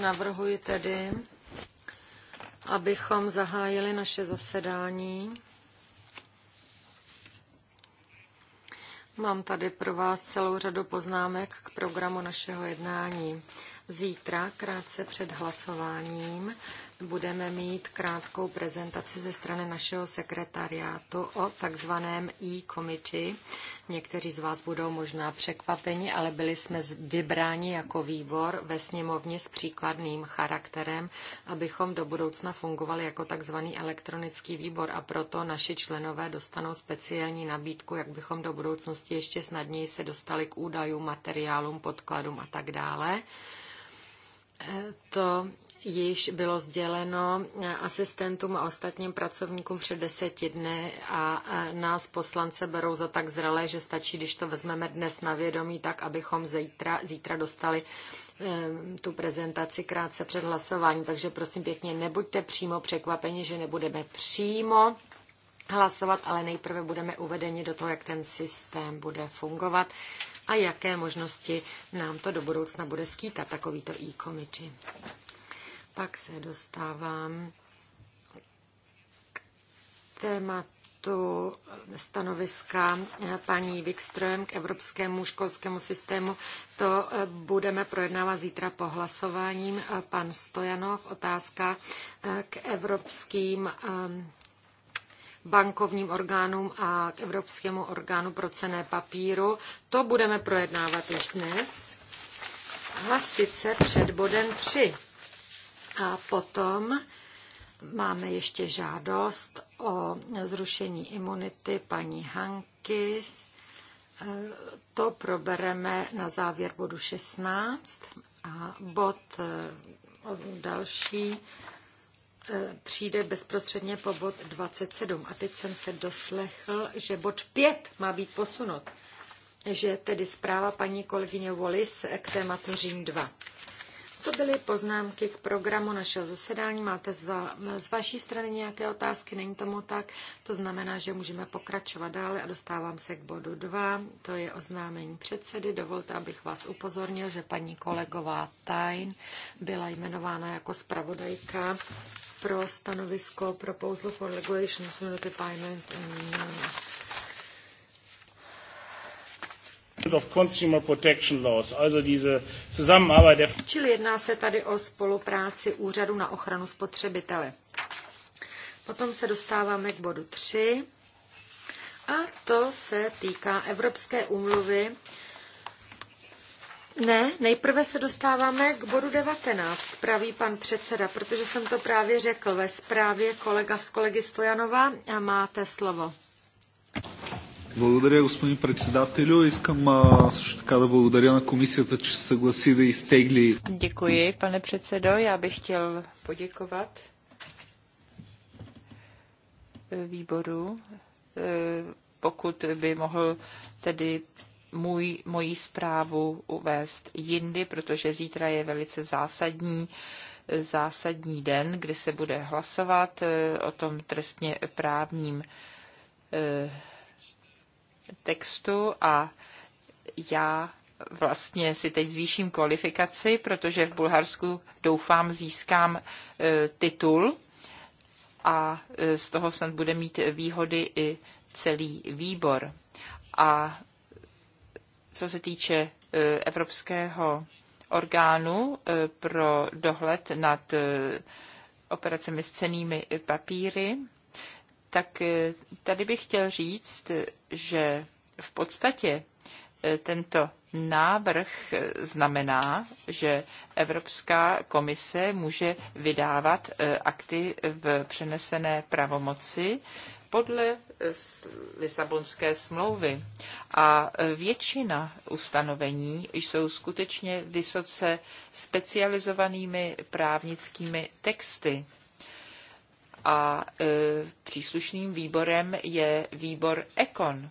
Navrhuji tedy, abychom zahájili naše zasedání. Mám tady pro vás celou řadu poznámek k programu našeho jednání. Zítra, krátce před hlasováním, budeme mít krátkou prezentaci ze strany našeho sekretariátu o takzvaném e-committee. Někteří z vás budou možná překvapeni, ale byli jsme vybráni jako výbor ve sněmovně s příkladným charakterem, abychom do budoucna fungovali jako takzvaný elektronický výbor a proto naši členové dostanou speciální nabídku, jak bychom do budoucnosti ještě snadněji se dostali k údajům, materiálům, podkladům a tak dále. E, to již bylo sděleno asistentům a ostatním pracovníkům před deseti dny a nás poslance berou za tak zralé, že stačí, když to vezmeme dnes na vědomí, tak abychom zítra, zítra dostali tu prezentaci krátce před hlasováním. Takže prosím pěkně, nebuďte přímo překvapeni, že nebudeme přímo hlasovat, ale nejprve budeme uvedeni do toho, jak ten systém bude fungovat a jaké možnosti nám to do budoucna bude skýtat takovýto e-committee. Pak se dostávám k tématu stanoviska paní Wikström k Evropskému školskému systému. To budeme projednávat zítra po hlasováním. Pan Stojanov, otázka k evropským ehm, bankovním orgánům a k Evropskému orgánu pro cené papíru. To budeme projednávat již dnes. Hlasit se před bodem 3. A potom máme ještě žádost o zrušení imunity paní Hankis. To probereme na závěr bodu 16 a bod eh, další eh, přijde bezprostředně po bod 27. A teď jsem se doslechl, že bod 5 má být posunut. Že tedy zpráva paní kolegyně Wallis k tématu Řím 2. To byly poznámky k programu našeho zasedání. Máte z, va, z vaší strany nějaké otázky? Není tomu tak. To znamená, že můžeme pokračovat dále a dostávám se k bodu 2. To je oznámení předsedy. Dovolte, abych vás upozornil, že paní kolegová Tajn byla jmenována jako zpravodajka pro stanovisko Proposal for Regulation of Payment in Čili jedná se tady o spolupráci úřadu na ochranu spotřebitele. Potom se dostáváme k bodu 3 a to se týká Evropské úmluvy. Ne, nejprve se dostáváme k bodu 19, praví pan předseda, protože jsem to právě řekl ve zprávě kolega z kolegy Stojanova a máte slovo. Благодаря, господин председателю. Искам а, също така да благодаря на комисията, че се съгласи да изтегли. Děkuji, pane předsedo. Já bych chtěl poděkovat eh, výboru, eh, pokud by mohl tedy můj, moji zprávu uvést jindy, protože zítra je velice zásadní eh, zásadní den, kdy se bude hlasovat o tom trestně právním textu a já vlastně si teď zvýším kvalifikaci, protože v Bulharsku doufám získám e, titul a e, z toho snad bude mít výhody i celý výbor. A co se týče e, Evropského orgánu pro dohled nad operacemi s cenými papíry, tak eh, tady bych chtěl říct, že v podstatě eh, tento návrh eh, znamená, že Evropská komise může vydávat akty v přenesené pravomoci podle Lisabonské smlouvy. A většina ustanovení jsou skutečně vysoce specializovanými právnickými texty a e, příslušným výborem je výbor Ekon.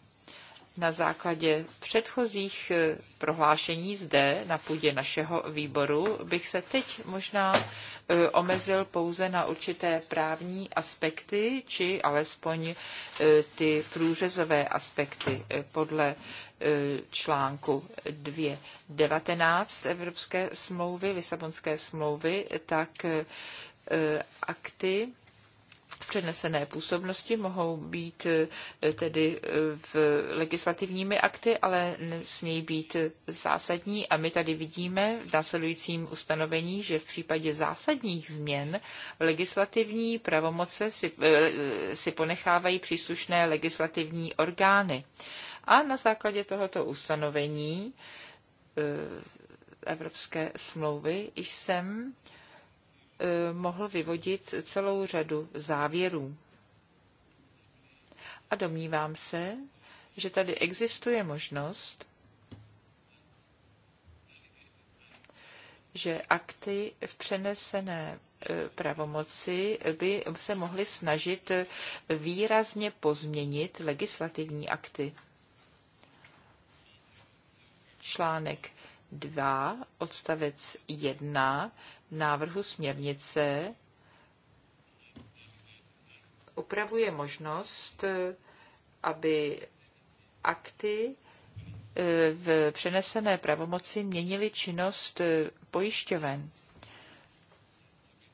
Na základě předchozích e, prohlášení zde na půdě našeho výboru bych se teď možná e, omezil pouze na určité právní aspekty, či alespoň e, ty průřezové aspekty e, podle e, článku 2.19 Evropské smlouvy, Lisabonské smlouvy, tak akty přenesené působnosti mohou být eh, tedy eh, v legislativními akty, ale nesmějí být zásadní. A my tady vidíme v následujícím ustanovení, že v případě zásadních změn legislativní pravomoce si, eh, si ponechávají příslušné legislativní orgány. A na základě tohoto ustanovení Evropské smlouvy jsem Eh, mohl vyvodit celou řadu závěrů. A domnívám se, že tady existuje možnost, že akty v přenesené eh, pravomoci by se mohly snažit eh, výrazně pozměnit legislativní akty. Článek 2, odstavec 1 návrhu směrnice upravuje možnost, eh, aby akty eh, v přenesené pravomoci měnily činnost eh, pojišťoven.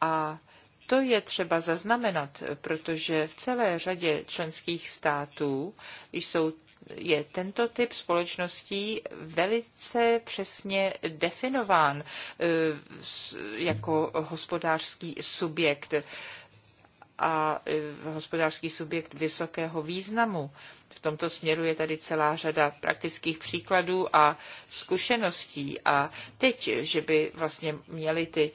A to je třeba zaznamenat, protože v celé řadě členských států jsou je tento typ společností velice přesně definován eh, jako hospodářský subjekt a e, hospodářský subjekt vysokého významu. V tomto směru je tady celá řada praktických příkladů a zkušeností. A teď, že by vlastně měli ty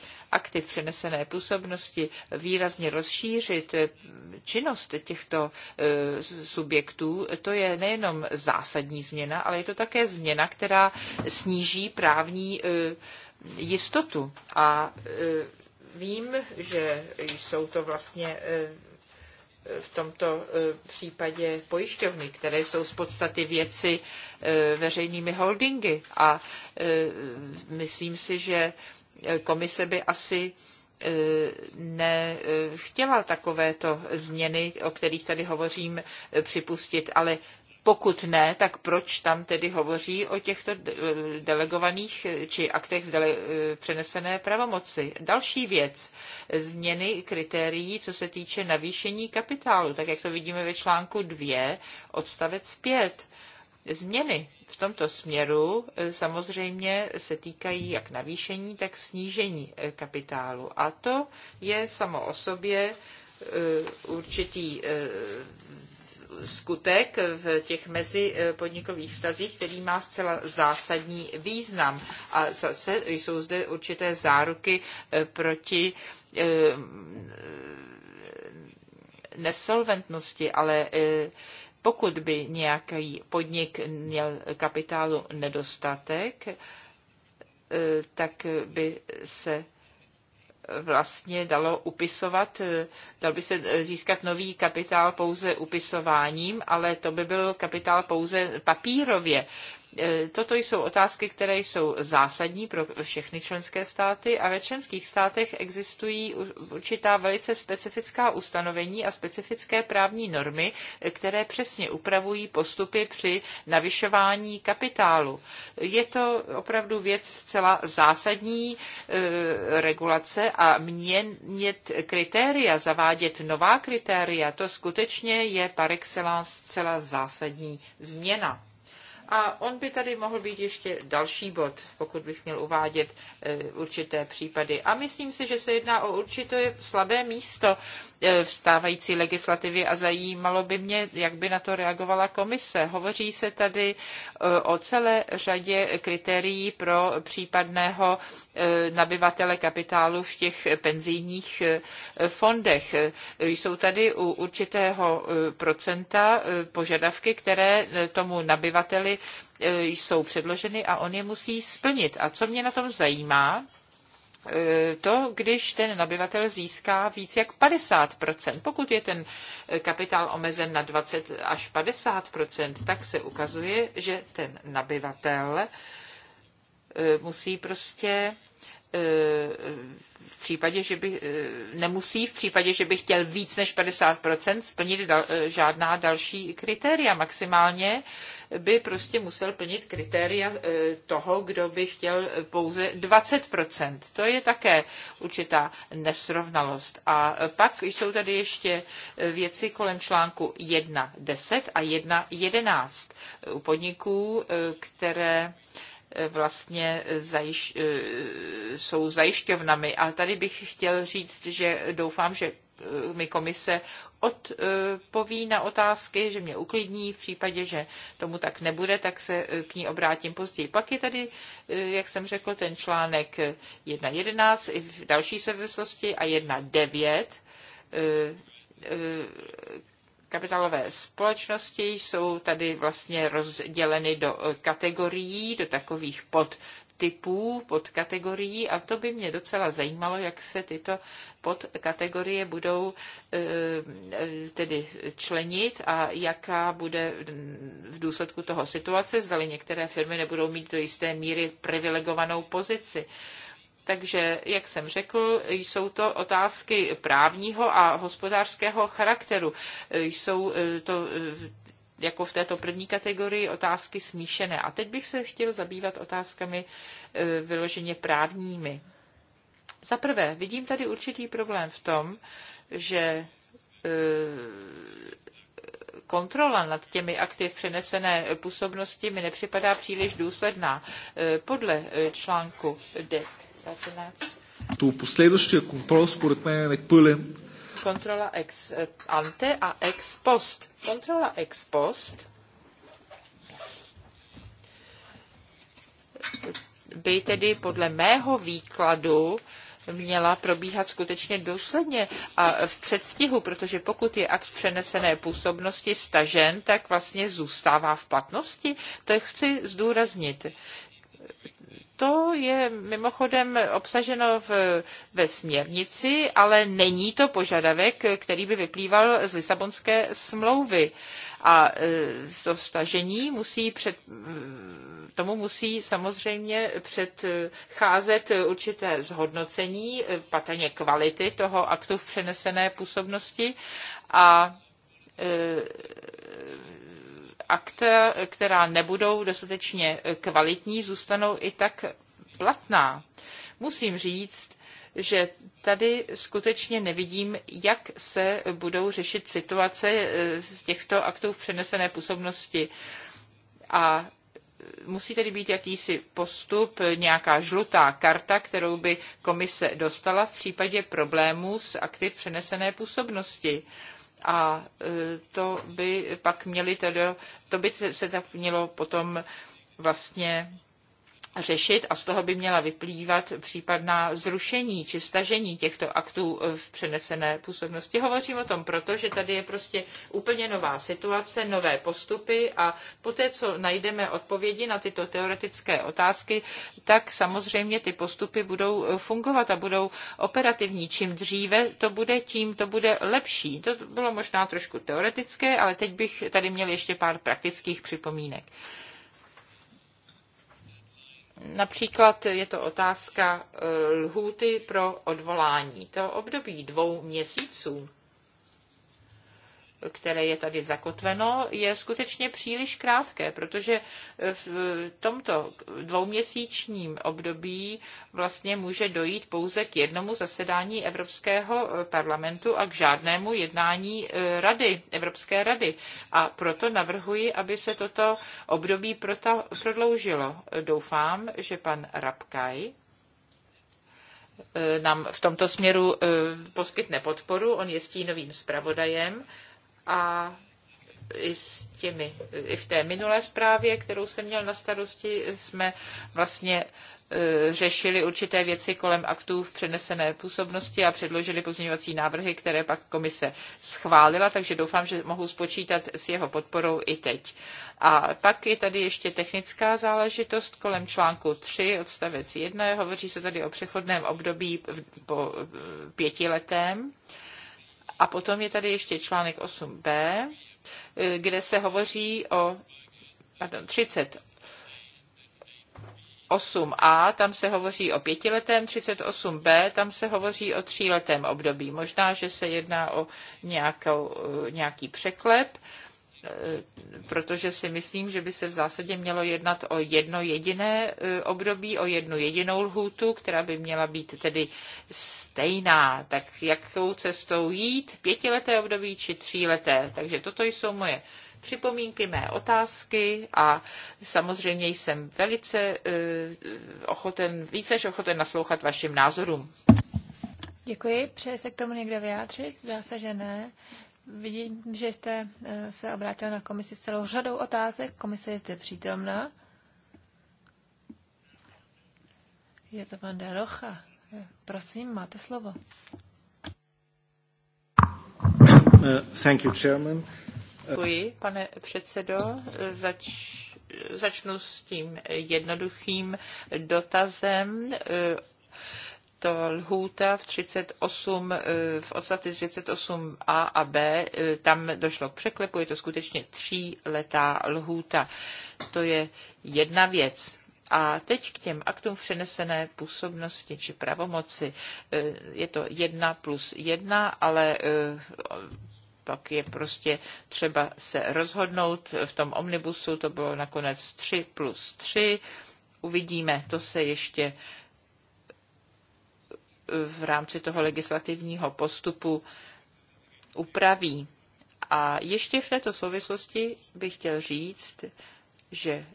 v přenesené působnosti výrazně rozšířit e, činnost těchto e, subjektů, to je nejenom zásadní změna, ale je to také změna, která sníží právní jistotu a Vím, že jsou to vlastně eh, eh, v tomto eh, případě pojišťovny, které jsou z podstaty věci veřejnými holdingy. A myslím si, že komise by asi nechtěla takovéto změny, o kterých tady hovořím, připustit, ale pokud ne, tak proč tam tedy hovoří o těchto delegovaných či aktech v dele, přenesené pravomoci? Další věc, změny kritérií, co se týče navýšení kapitálu, tak jak to vidíme ve článku 2, odstavec 5. Změny v tomto směru e, samozřejmě se týkají jak navýšení, tak snížení e, kapitálu. A to je samo o sobě e, určitý skutek v těch mezipodnikových eh, vztazích, který má zcela zásadní význam. A zase jsou zde určité záruky eh, proti eh, nesolventnosti, ale pokud by nějaký podnik měl kapitálu nedostatek, tak by se vlastně dalo upisovat, eh, dal by se eh, získat nový kapitál pouze upisováním, ale to by byl kapitál pouze papírově. E, toto jsou otázky, které jsou zásadní pro všechny členské státy a ve členských státech existují určitá velice specifická ustanovení a specifické právní normy, e, které přesně upravují postupy při navyšování kapitálu. Je to opravdu věc zcela zásadní e, regulace a měnit kritéria, zavádět nová kritéria, to skutečně je par excellence zcela zásadní změna. A on by tady mohl být ještě další bod, pokud bych měl uvádět eh, určité případy. A myslím si, že se jedná o určité slabé místo Eh, v stávající legislativě a zajímalo by mě, jak by na to reagovala komise. Hovoří se tady eh, o celé řadě kritérií pro případného eh, nabyvatele kapitálu v těch penzijních fondech. Jsou tady u určitého procenta požadavky, které tomu nabyvateli jsou předloženy a on je musí splnit. A co mě na tom zajímá, Eh, to, když ten nabyvatel získá víc jak 50%. Pokud je ten eh, kapitál omezen na 20 až 50%, tak se ukazuje, že ten nabyvatel eh, musí prostě E, v případě, že by, e, nemusí v případě, že by chtěl víc než 50% splnit dal, e, žádná další kritéria. Maximálně by prostě musel plnit kritéria toho, kdo by chtěl pouze 20%. To je také určitá nesrovnalost. A pak jsou tady ještě věci kolem článku 1.10 a 1.11 u podniků, které vlastně zajiš, eh, jsou zajišťovnami. A tady bych chtěl říct, že doufám, že eh, mi komise odpoví na otázky, že mě uklidní. V případě, že tomu tak nebude, tak se eh, k ní obrátím později. Pak je tady, jak jsem řekl, ten článek 1.11 i v další souvislosti a 1.9, kapitálové společnosti jsou tady vlastně rozděleny do eh, kategorií, do takových pod typů, podkategorií a to by mě docela zajímalo, jak se tyto podkategorie budou eh, tedy členit a jaká bude v důsledku toho situace, zdali některé firmy nebudou mít do jisté míry privilegovanou pozici. Takže, jak jsem řekl, jsou to otázky právního a hospodářského charakteru. Jsou e, to e, jako v této první kategorii otázky smíšené. A teď bych se chtěl zabývat otázkami e, vyloženě právními. Za prvé, vidím tady určitý problém v tom, že kontrola nad těmi aktiv přenesené působnosti mi nepřipadá příliš důsledná. Podle článku 9 този начин. То последващия контрол според мен е непълен. Контрола екс анте, eh, а екс пост. Контрола екс пост by tedy podle mého výkladu měla probíhat skutečně důsledně a v předstihu, protože pokud je akt přenesené působnosti stažen, tak vlastně zůstává v platnosti. To chci zdůraznit. To je mimochodem obsaženo v, ve směrnici, ale není to požadavek, který by vyplýval z Lisabonské smlouvy a e, to stažení musí před, e, tomu musí samozřejmě předcházet určité zhodnocení, e, patrně kvality toho aktu v přenesené působnosti a akta, která nebudou dostatečně kvalitní, zůstanou i tak platná. Musím říct, že tady skutečně nevidím, jak se budou řešit situace eh, z těchto aktů v přenesené působnosti. A musí tedy být jakýsi postup, nějaká žlutá karta, kterou by komise dostala v případě problémů s akty v přenesené působnosti. Uh, a e, to by pak měli tedy, to by se tak mělo potom vlastně řešit a z toho by měla vyplývat případná zrušení či stažení těchto aktů v přenesené působnosti. Hovořím o tom proto, že tady je prostě úplně nová situace, nové postupy a poté, co najdeme odpovědi na tyto teoretické otázky, tak samozřejmě ty postupy budou fungovat a budou operativní. Čím dříve to bude, tím to bude lepší. To bylo možná trošku teoretické, ale teď bych tady měl ještě pár praktických připomínek. Například je to otázka eh, lhůty pro odvolání. To období dvou měsíců které je tady zakotveno, je skutečně příliš krátké, protože v tomto dvouměsíčním období vlastně může dojít pouze k jednomu zasedání Evropského parlamentu a k žádnému jednání eh, rady, Evropské rady. A proto navrhuji, aby se toto období proto, prodloužilo. Doufám, že pan Rabkaj eh, nám v tomto směru eh, poskytne podporu. On je stínovým zpravodajem a i s těmi, i v té minulé zprávě, kterou jsem měl na starosti, jsme vlastně e, řešili určité věci kolem aktů v přenesené působnosti a předložili pozměňovací návrhy, které pak komise schválila, takže doufám, že mohu spočítat s jeho podporou i teď. A pak je tady ještě technická záležitost kolem článku 3 odstavec 1. Hovoří se tady o přechodném období po e, pětiletém. letém a potom je tady ještě článek 8b, eh, kde se hovoří o pardon, 30 8a, tam se hovoří o pětiletém, 38b, tam se hovoří o tříletém období. Možná, že se jedná o nějakou, eh, nějaký překlep, Eh, protože si myslím, že by se v zásadě mělo jednat o jedno jediné eh, období, o jednu jedinou lhůtu, která by měla být tedy stejná. Tak jakou cestou jít? Pětileté období či tříleté? Takže toto jsou moje připomínky, mé otázky a samozřejmě jsem velice eh, ochoten, více než ochoten naslouchat vašim názorům. Děkuji. Přeje se k tomu někdo vyjádřit? Zdá se, že ne. Vidím, že jste eh, se obrátil na komisi s celou řadou otázek. Komise je zde přítomná. Je to pan Derocha. Eh, prosím, máte slovo. Eh, thank you, chairman. Děkuji, pane předsedo. Zač, začnu s tím jednoduchým dotazem to lhůta v 38, eh, v odstavci 38a a b, eh, tam došlo k překlepu, je to skutečně tří letá lhůta. To je jedna věc. A teď k těm aktům přenesené působnosti či pravomoci. Eh, je to jedna plus jedna, ale pak je prostě třeba se rozhodnout. V tom omnibusu to bylo nakonec 3 plus 3. Uvidíme, to se ještě v rámci toho legislativního postupu upraví. A ještě v této souvislosti bych chtěl říct, že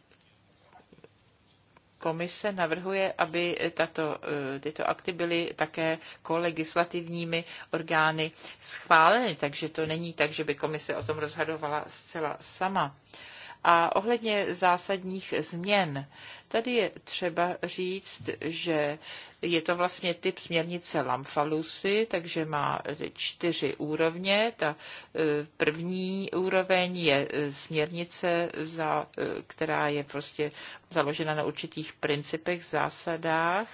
komise navrhuje, aby tato, eh, tyto akty byly také kolegislativními orgány schváleny, takže to není tak, že by komise o tom rozhodovala zcela sama. Uh, a ohledně zásadních změn, tady je třeba říct, že je to vlastně typ směrnice Lamfalusy, takže má čtyři úrovně. Ta e, první úroveň je e, směrnice, za, e, která je prostě založena na určitých principech, zásadách.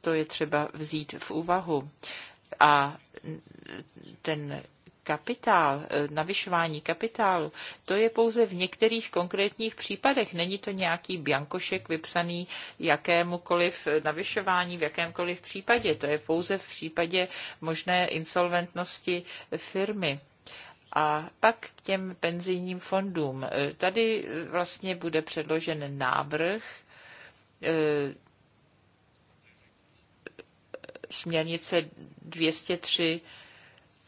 To je třeba vzít v úvahu. A ten kapitál, eh, navyšování kapitálu, to je pouze v některých konkrétních případech. Není to nějaký biankošek vypsaný jakémukoliv eh, navyšování v jakémkoliv případě. To je pouze v případě možné insolventnosti firmy. A pak k těm penzijním fondům. Eh, tady vlastně bude předložen návrh směrnice 203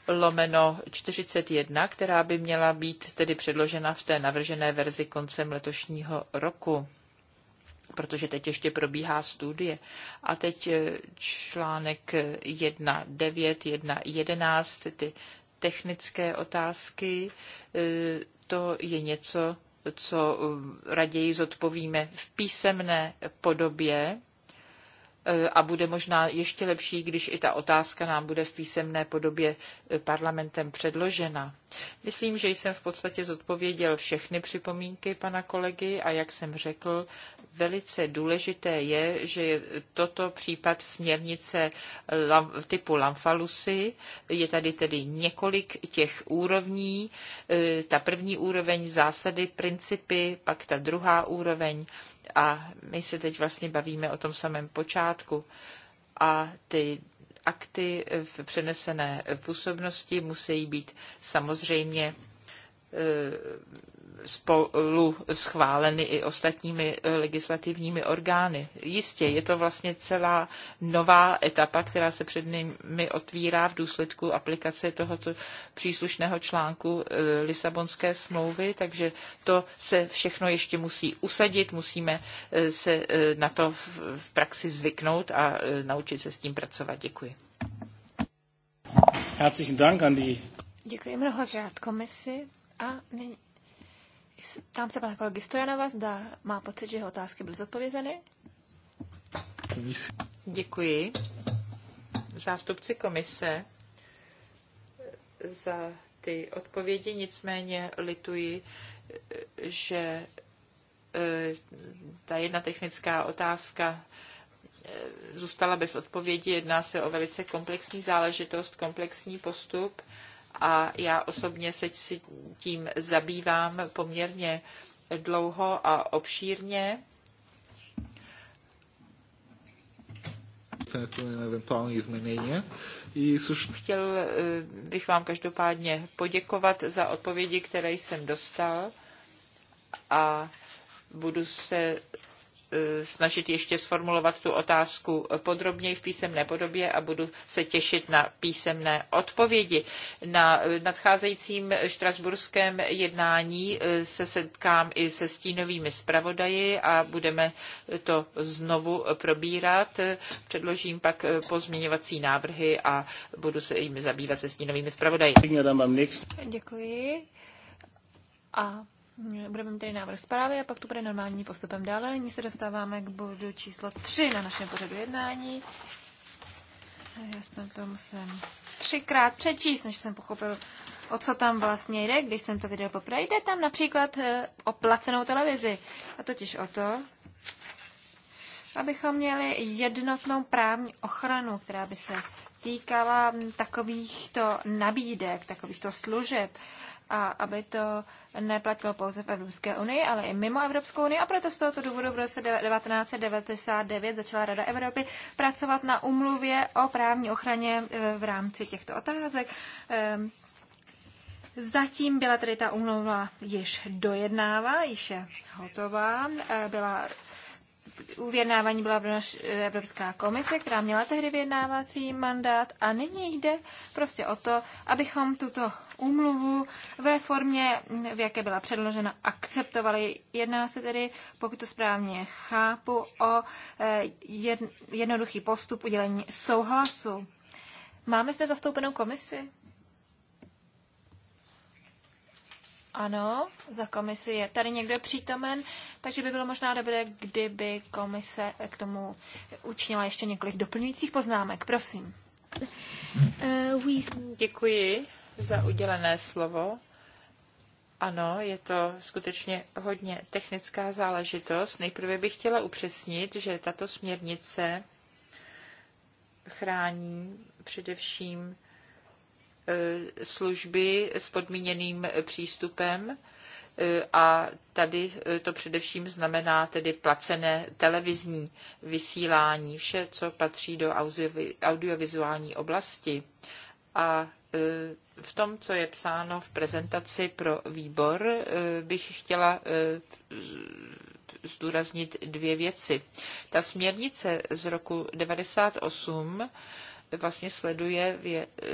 lomeno 41, která by měla být tedy předložena v té navržené verzi koncem letošního roku protože teď ještě probíhá studie. A teď eh, článek 1.9, 1.11, ty technické otázky, eh, to je něco, co eh, raději zodpovíme v písemné podobě, Eh, a bude možná ještě lepší, když i ta otázka nám bude v písemné podobě eh, parlamentem předložena. Myslím, že jsem v podstatě zodpověděl všechny připomínky pana kolegy a jak jsem řekl, velice důležité je, že je toto případ směrnice typu Lamfalusy. Je tady tedy několik těch úrovní. Eh, ta první úroveň zásady, principy, pak ta druhá úroveň a my se teď vlastně bavíme o tom samém počátku. A ty akty v přenesené působnosti musí být samozřejmě eh, spolu schváleny i ostatními eh, legislativními orgány. Jistě, je to vlastně celá nová etapa, která se před nimi otvírá v důsledku aplikace tohoto příslušného článku eh, Lisabonské smlouvy, takže to se všechno ještě musí usadit, musíme eh, se na to v praxi zvyknout a naučit se s tím pracovat. Děkuji. Herzlichen Dank an die Děkuji mnohokrát komisi a nyní tam se pana kolegy Stojanova, zda má pocit, že jeho otázky byly zodpovězeny. Děkuji. Zástupci komise za ty odpovědi, nicméně lituji, že e, ta jedna technická otázka e, zůstala bez odpovědi. Jedná se o velice komplexní záležitost, komplexní postup a já osobně se tím zabývám poměrně dlouho a obšírně. eventuální Chtěl eh, bych vám každopádně poděkovat za odpovědi, které jsem dostal a budu se Eh, snažit ještě sformulovat tu otázku podrobněji v písemné podobě a budu se těšit na písemné odpovědi. Na nadcházejícím štrasburském jednání eh, se setkám i se stínovými zpravodaji a budeme to znovu probírat. Předložím pak eh, pozměňovací návrhy a budu se jimi zabývat se stínovými zpravodaji. Děkuji. A Budeme mít tedy návrh zprávy a pak to bude normální postupem dále. Nyní se dostáváme k bodu číslo 3 na našem pořadu jednání. Já jsem to musím třikrát přečíst, než jsem pochopil, o co tam vlastně jde, když jsem to video poprvé. Jde tam například eh, o placenou televizi. A totiž o to, abychom měli jednotnou právní ochranu, která by se týkala takovýchto nabídek, takovýchto služeb a aby to neplatilo pouze v Evropské unii, ale i mimo Evropskou unii. A proto z tohoto důvodu v roce 1999 začala Rada Evropy pracovat na umluvě o právní ochraně e, v rámci těchto otázek. Ehm, zatím byla tedy ta umluva již dojednává, již je hotová, e, byla u vyjednávání byla eh, Evropská komise, která měla tehdy vyjednávací mandát a nyní jde prostě o to, abychom tuto úmluvu ve formě, v jaké byla předložena, akceptovali. Jedná se tedy, pokud to správně chápu, o eh, jednoduchý postup udělení souhlasu. Máme zde zastoupenou komisi? Ano, za komisi je tady někdo přítomen, takže by bylo možná dobré, kdyby komise k tomu učinila ještě několik doplňujících poznámek. Prosím. Eh, Děkuji za udělené slovo. Ano, je to skutečně hodně technická záležitost. Nejprve bych chtěla upřesnit, že tato směrnice chrání především E, služby s podmíněným přístupem e, a tady e, to především znamená tedy placené televizní vysílání, vše, co patří do audiovizuální oblasti. A v tom, co je psáno v prezentaci pro výbor, bych chtěla zdůraznit dvě věci. Ta směrnice z roku 98 vlastně sleduje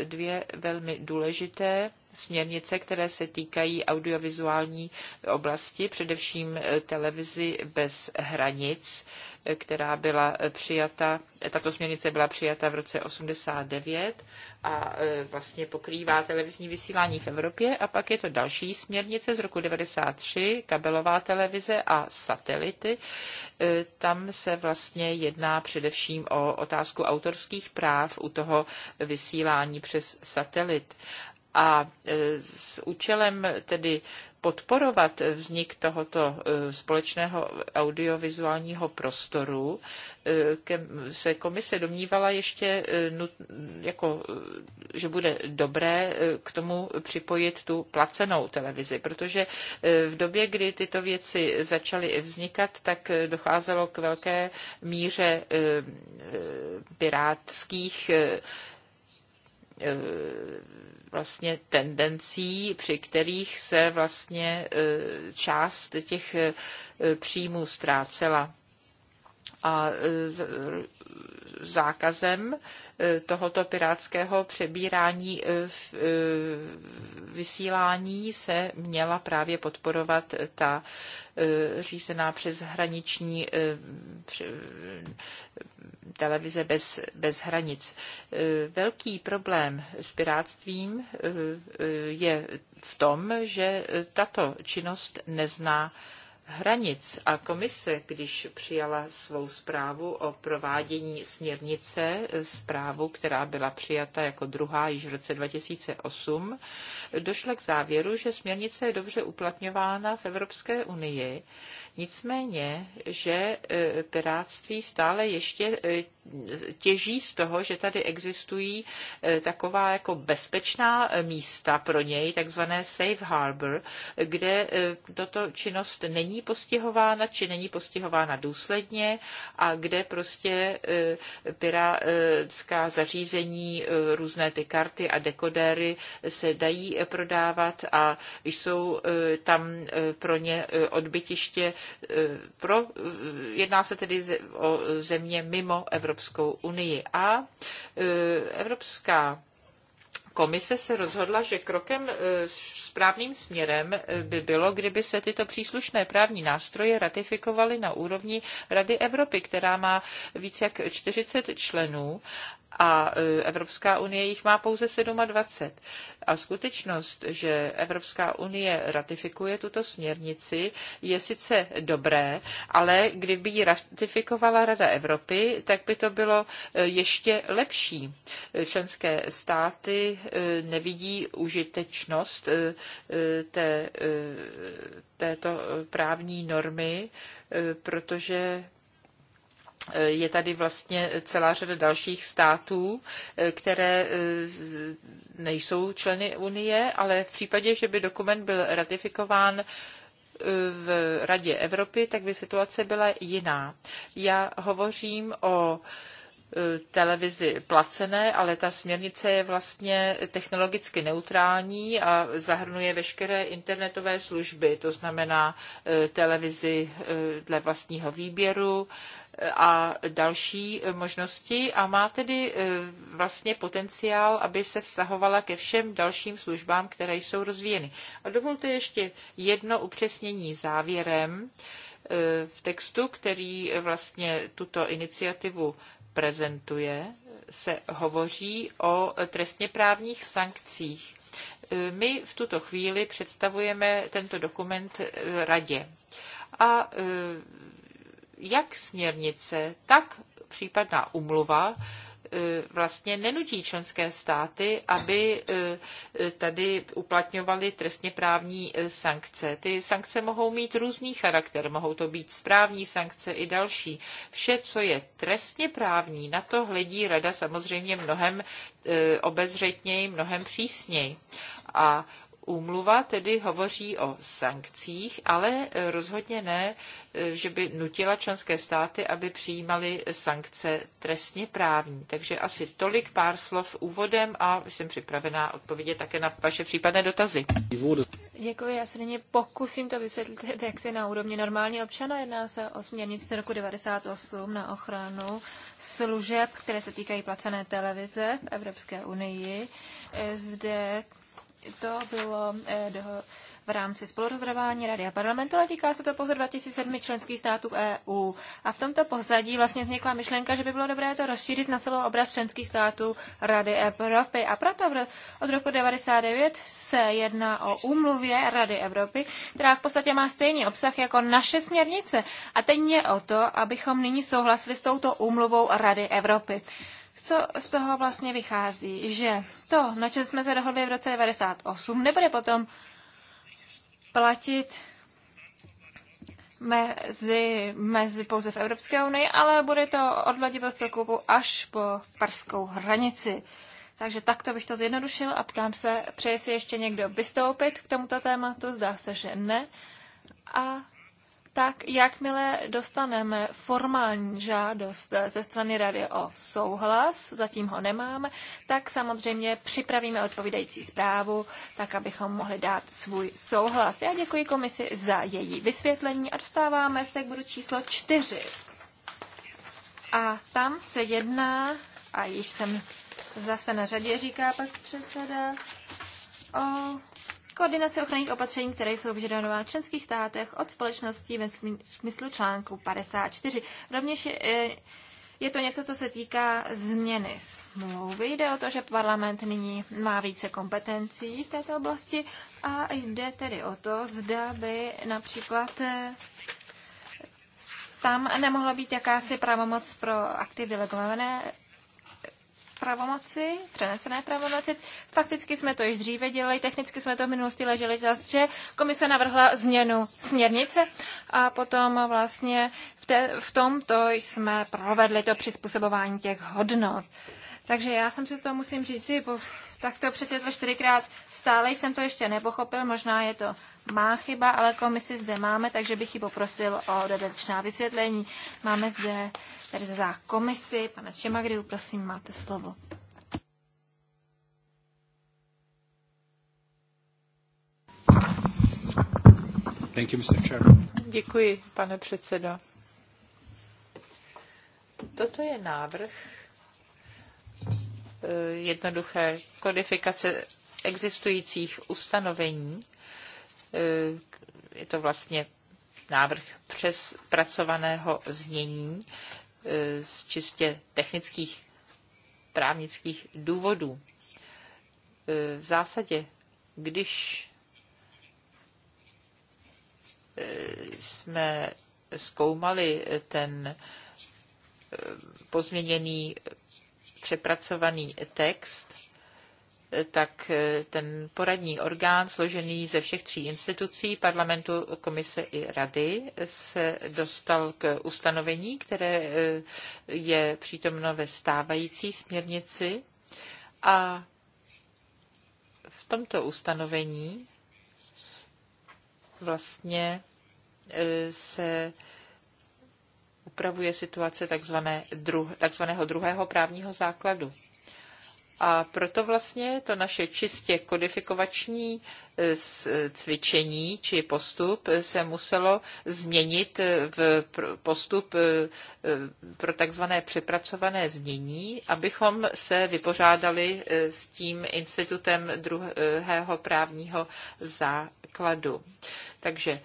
dvě velmi důležité směrnice, které se týkají audiovizuální oblasti, především eh, televizi bez hranic, eh, která byla přijata, eh, tato směrnice byla přijata v roce 89 a e, vlastně pokrývá televizní vysílání v Evropě. A pak je to další směrnice z roku 93, kabelová televize a satelity. E, tam se vlastně jedná především o otázku autorských práv u toho vysílání přes satelit. A e, s účelem tedy podporovat vznik tohoto e, společného audiovizuálního prostoru e, se komise domnívala ještě, e, jako, že bude dobré k tomu připojit tu placenou televizi, protože v době, kdy tyto věci začaly vznikat, tak docházelo k velké míře pirátských Eh, vlastně tendencí, při kterých se vlastně eh, část těch eh, příjmů ztrácela. A zákazem tohoto pirátského přebírání v vysílání se měla právě podporovat ta řízená přes hraniční televize bez, bez hranic. E, velký problém s pirátstvím e, e, je v tom, že tato činnost nezná hranic a komise, když přijala svou zprávu o provádění směrnice, zprávu, která byla přijata jako druhá již v roce 2008, došla k závěru, že směrnice je dobře uplatňována v Evropské unii, Nicméně, že e, piráctví stále ještě e, těží z toho, že tady existují e, taková jako bezpečná místa pro něj, takzvané safe harbor, kde toto činnost není postihována, či není postihována důsledně a kde prostě pirátská zařízení, různé ty karty a dekodéry se dají prodávat a jsou tam pro ně odbytiště Eh, pro, eh, jedná se tedy o země mimo Evropskou unii. A eh, Evropská Komise se rozhodla, že krokem správným směrem by bylo, kdyby se tyto příslušné právní nástroje ratifikovaly na úrovni Rady Evropy, která má více jak 40 členů a e, Evropská unie jich má pouze 27. A skutečnost, že Evropská unie ratifikuje tuto směrnici, je sice dobré, ale kdyby ji ratifikovala Rada Evropy, tak by to bylo e, ještě lepší. E, členské státy nevidí užitečnost té, této právní normy, protože je tady vlastně celá řada dalších států, eh, které eh, nejsou členy Unie, ale v případě, že by dokument byl ratifikován eh, v Radě Evropy, tak by situace byla jiná. Já hovořím o televizi placené, ale ta směrnice je vlastně technologicky neutrální a zahrnuje veškeré internetové služby, to znamená televizi dle vlastního výběru, a další eh, možnosti a má tedy eh, vlastně potenciál, aby se vztahovala ke všem dalším službám, které jsou rozvíjeny. A dovolte ještě jedno upřesnění závěrem eh, v textu, který vlastně tuto iniciativu prezentuje, se hovoří o trestně právních sankcích. My v tuto chvíli představujeme tento dokument radě. A jak směrnice, tak případná umluva e, vlastně nenutí členské státy, aby e, e, tady uplatňovaly trestně právní sankce. Ty sankce mohou mít různý charakter, mohou to být správní sankce i další. Vše, co je trestně právní, na to hledí rada samozřejmě mnohem obezřetněji, mnohem přísněji. A Úmluva tedy hovoří o sankcích, ale rozhodně ne, eh, že by nutila členské státy, aby přijímaly sankce trestně právní. Takže asi tolik pár slov úvodem a jsem připravená odpovědět také na vaše případné dotazy. Děkuji, já se nyní pokusím to vysvětlit, jak se na úrovni normální občana jedná se o směrnici roku 98 na ochranu služeb, které se týkají placené televize v Evropské unii. Eh, zde to bylo eh, v rámci spolurozhodování Rady a parlamentu, ale týká se to pohled 2007 členských států EU. A v tomto pozadí vlastně vznikla myšlenka, že by bylo dobré to rozšířit na celou obraz členských států Rady Evropy. A proto od roku 1999 se jedná o úmluvě Rady Evropy, která v podstatě má stejný obsah jako naše směrnice. A teď je o to, abychom nyní souhlasili s touto úmluvou Rady Evropy co z toho vlastně vychází? Že to, na čem jsme se dohodli v roce 1998, nebude potom platit mezi, mezi pouze v Evropské unii, ale bude to od Vladivostoku až po parskou hranici. Takže takto bych to zjednodušil a ptám se, přeje si ještě někdo vystoupit k tomuto tématu? Zdá se, že ne. A tak jakmile dostaneme formální žádost ze strany rady o souhlas, zatím ho nemáme, tak samozřejmě připravíme odpovídající zprávu, tak abychom mohli dát svůj souhlas. Já děkuji komisi za její vysvětlení a dostáváme se k bodu číslo čtyři. A tam se jedná, a již jsem zase na řadě, říká pak předseda, o koordinace ochranných opatření, které jsou vyžadována v členských státech od společností ve smyslu článku 54. Rovněž je, eh, je to něco, co se týká změny smlouvy. Jde o to, že parlament nyní má více kompetencí v této oblasti a jde tedy o to, zda by například eh, tam nemohla být jakási pravomoc pro akty delegované pravomoci, přenesené pravomoci. Fakticky jsme to již dříve dělali, technicky jsme to v minulosti leželi zas, že komise navrhla změnu směrnice a potom vlastně v, te, v tomto jsme provedli to přizpůsobování těch hodnot. Takže já jsem si to musím říct, tak to to čtyřikrát, stále jsem to ještě nepochopil, možná je to má chyba, ale komisi zde máme, takže bych ji poprosil o dodatečná vysvětlení. Máme zde tedy za komisi, pana Čemagriu, prosím, máte slovo. Thank you, Mr. Chairman. Děkuji, pane předsedo. Toto je návrh eh, jednoduché kodifikace existujících ustanovení. Eh, je to vlastně návrh přes pracovaného znění Eh, z čistě technických právnických důvodů. Eh, v zásadě, když eh, jsme zkoumali ten pozměněný přepracovaný text, tak eh, ten poradní orgán, složený ze všech tří institucí, parlamentu, komise i rady, se dostal k ustanovení, které eh, je přítomno ve stávající směrnici a v tomto ustanovení vlastně eh, se upravuje situace takzvaného druhého právního základu. A proto vlastně to naše čistě kodifikovační e, e, cvičení či postup se muselo změnit e, v postup pro takzvané přepracované znění, abychom se vypořádali s tím institutem druhého právního základu. Takže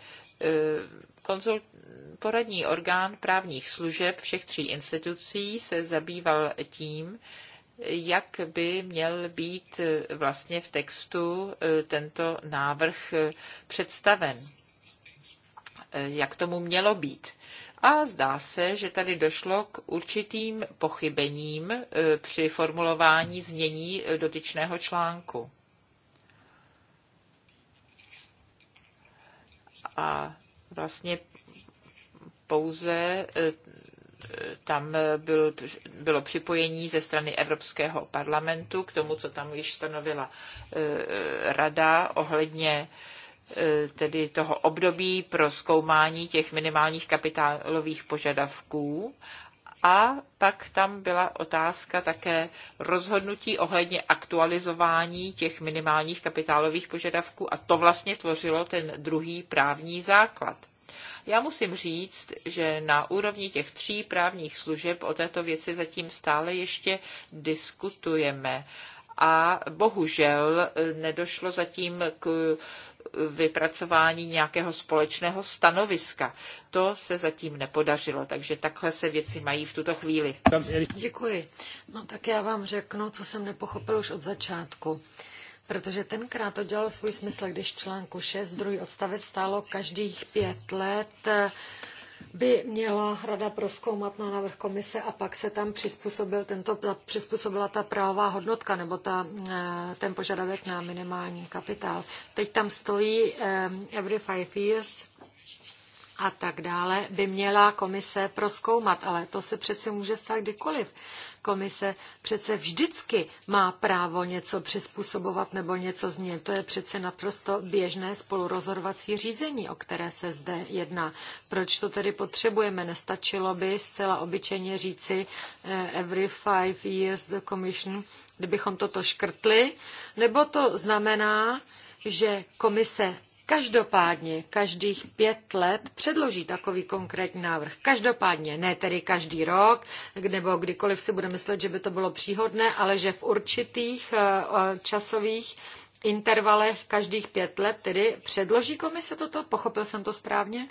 konzult, poradní orgán právních služeb všech tří institucí se zabýval tím, jak by měl být eh, vlastně v textu eh, tento návrh eh, představen, jak tomu mělo být. A zdá se, že tady došlo k určitým pochybením při formulování znění dotyčného článku. A vlastně pouze tam byl, bylo připojení ze strany Evropského parlamentu k tomu, co tam již stanovila e, rada ohledně e, tedy toho období pro zkoumání těch minimálních kapitálových požadavků. A pak tam byla otázka také rozhodnutí ohledně aktualizování těch minimálních kapitálových požadavků a to vlastně tvořilo ten druhý právní základ. Já musím říct, že na úrovni těch tří právních služeb o této věci zatím stále ještě diskutujeme a bohužel eh, nedošlo zatím k vypracování nějakého společného stanoviska. To se zatím nepodařilo, takže takhle se věci mají v tuto chvíli. Děkuji. No tak já vám řeknu, co jsem nepochopil už od začátku. Protože tenkrát to dělalo svůj smysl, když článku 6 druhý odstavec stálo každých pět let eh, by měla rada proskoumat na návrh komise a pak se tam přizpůsobil tento, přizpůsobila ta prává hodnotka nebo ta, eh, ten požadavek na minimální kapitál. Teď tam stojí eh, every five years a tak dále by měla komise proskoumat, ale to se přece může stát kdykoliv. Komise přece vždycky má právo něco přizpůsobovat nebo něco změnit. To je přece naprosto běžné spolurozhodovací řízení, o které se zde jedná. Proč to tedy potřebujeme? Nestačilo by zcela obyčejně říci eh, every five years the commission, kdybychom toto škrtli, nebo to znamená, že komise Každopádně každých pět let předloží takový konkrétní návrh. Každopádně, ne tedy každý rok, nebo kdykoliv si bude myslet, že by to bylo příhodné, ale že v určitých eh, eh, časových intervalech každých pět let tedy předloží komise toto? Pochopil jsem to správně?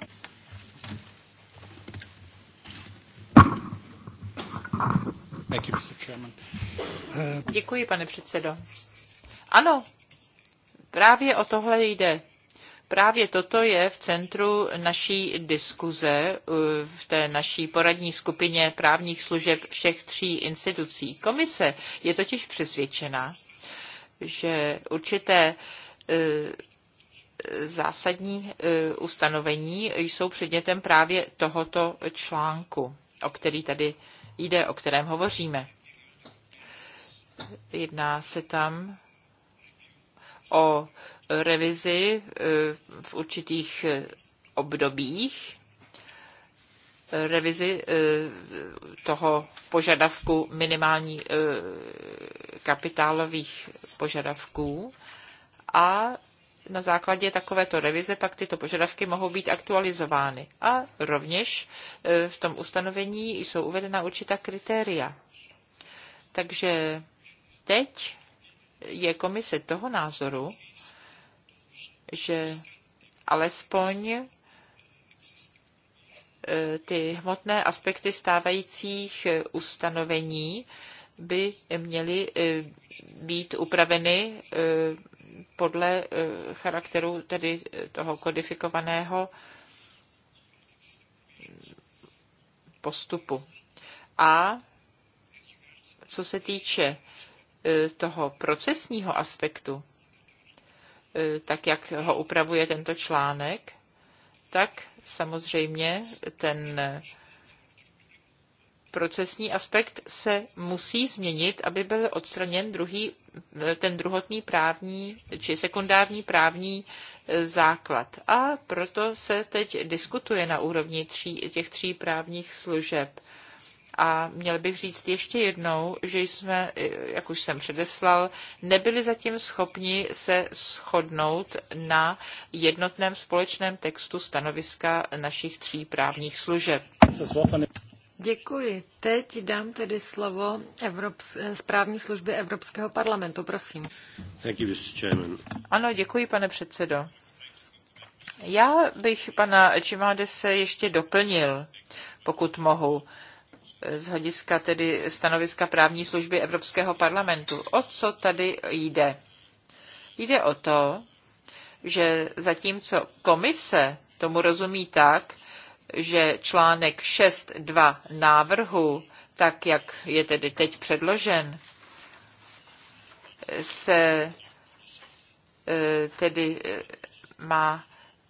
Děkuji, pane předsedo. Ano, právě o tohle jde. Právě toto je v centru naší diskuze v té naší poradní skupině právních služeb všech tří institucí. Komise je totiž přesvědčena, že určité e, zásadní e, ustanovení jsou předmětem právě tohoto článku, o který tady jde, o kterém hovoříme. Jedná se tam o revizi eh, v určitých eh, obdobích, revizi eh, toho požadavku minimální kapitálových požadavků a na základě takovéto revize pak tyto požadavky mohou být aktualizovány. A rovněž v tom ustanovení jsou uvedena určitá kritéria. Takže teď je komise toho názoru, že alespoň e, ty hmotné aspekty stávajících e, ustanovení by měly e, být upraveny podle charakteru tedy toho kodifikovaného postupu. A co se týče toho procesního aspektu, tak jak ho upravuje tento článek, tak samozřejmě ten procesní aspekt se musí změnit, aby byl odstraněn druhý, ten druhotný právní či sekundární právní e, základ. A proto se teď diskutuje na úrovni tří, těch tří právních služeb. A měl bych říct ještě jednou, že jsme, jak už jsem předeslal, nebyli zatím schopni se shodnout na jednotném společném textu stanoviska našich tří právních služeb. Děkuji. Teď dám tedy slovo eh, správní služby Evropského parlamentu. Prosím. Ano, děkuji, pane předsedo. Já bych pana Čimádese ještě doplnil, pokud mohu z hlediska tedy stanoviska právní služby Evropského parlamentu. O co tady jde? Jde o to, že zatímco komise tomu rozumí tak, že článek 6.2 návrhu, tak jak je tedy teď předložen, se e, tedy e, má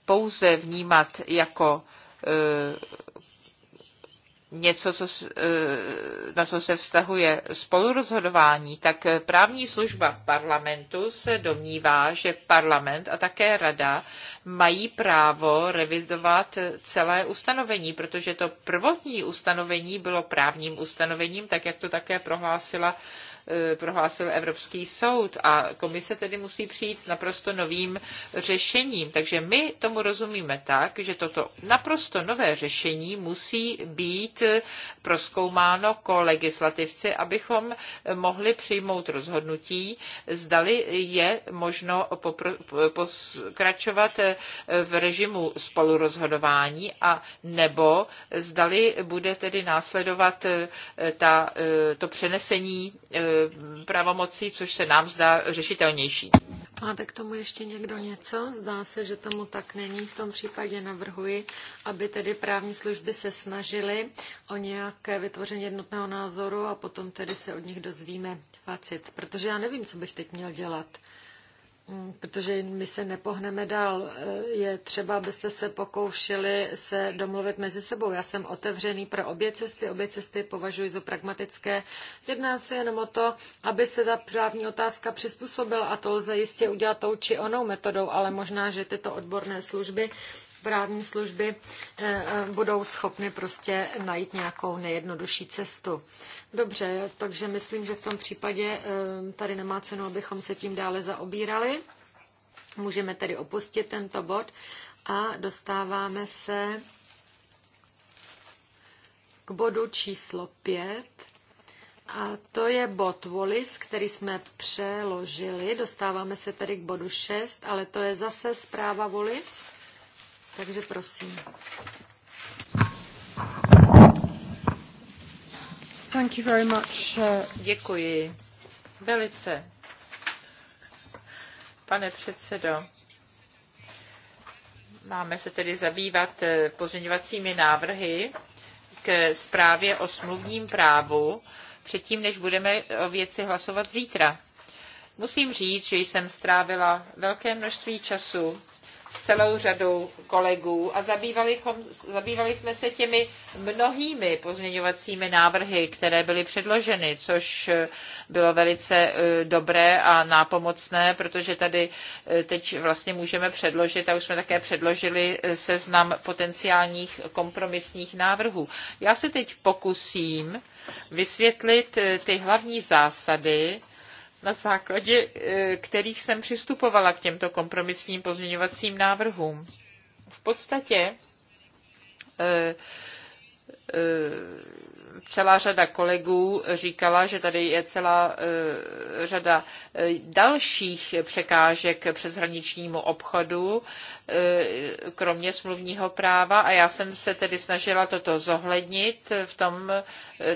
pouze vnímat jako e, něco, co, eh, na co se vztahuje spolurozhodování, tak právní služba parlamentu se domnívá, že parlament a také rada mají právo revizovat celé ustanovení, protože to prvotní ustanovení bylo právním ustanovením, tak jak to také prohlásila Eh, prohlásil Evropský soud a komise tedy musí přijít s naprosto novým řešením. Takže my tomu rozumíme tak, že toto naprosto nové řešení musí být proskoumáno ko legislativci, abychom mohli přijmout rozhodnutí, zdali je možno pokračovat eh, v režimu spolurozhodování a nebo zdali bude tedy následovat eh, ta, to přenesení Eh, pravomocí, což se nám zdá řešitelnější. Máte k tomu ještě někdo něco? Zdá se, že tomu tak není. V tom případě navrhuji, aby tedy právní služby se snažily o nějaké vytvoření jednotného názoru a potom tedy se od nich dozvíme facit. Protože já nevím, co bych teď měl dělat. Mm, protože my se nepohneme dál. Eh, je třeba, abyste se pokoušeli se domluvit mezi sebou. Já jsem otevřený pro obě cesty. Obě cesty považuji za pragmatické. Jedná se jenom o to, aby se ta právní otázka přizpůsobila a to lze jistě udělat tou či onou metodou, ale možná, že tyto odborné služby právní služby eh, eh, budou schopny prostě najít nějakou nejjednodušší cestu. Dobře, takže myslím, že v tom případě eh, tady nemá cenu, abychom se tím dále zaobírali. Můžeme tedy opustit tento bod a dostáváme se k bodu číslo 5. A to je bod Wallis, který jsme přeložili. Dostáváme se tedy k bodu 6, ale to je zase zpráva Wallis. Takže prosím. Thank you very much. Uh, Děkuji. Velice. Pane předsedo, máme se tedy zabývat eh, pozměňovacími návrhy k zprávě o smluvním právu, předtím, než budeme o věci hlasovat zítra. Musím říct, že jsem strávila velké množství času s celou řadou kolegů a zabývali, zabývali jsme se těmi mnohými pozměňovacími návrhy, které byly předloženy, což eh, bylo velice eh, dobré a nápomocné, protože tady eh, teď vlastně můžeme předložit, a už jsme také předložili seznam potenciálních kompromisních návrhů. Já se teď pokusím vysvětlit ty hlavní zásady, na základě eh, kterých jsem přistupovala k těmto kompromisním pozměňovacím návrhům. V podstatě eh, eh, celá řada kolegů říkala, že tady je celá řada dalších překážek přeshraničnímu obchodu Eh, kromě smluvního práva a já jsem se tedy snažila toto zohlednit v tom eh,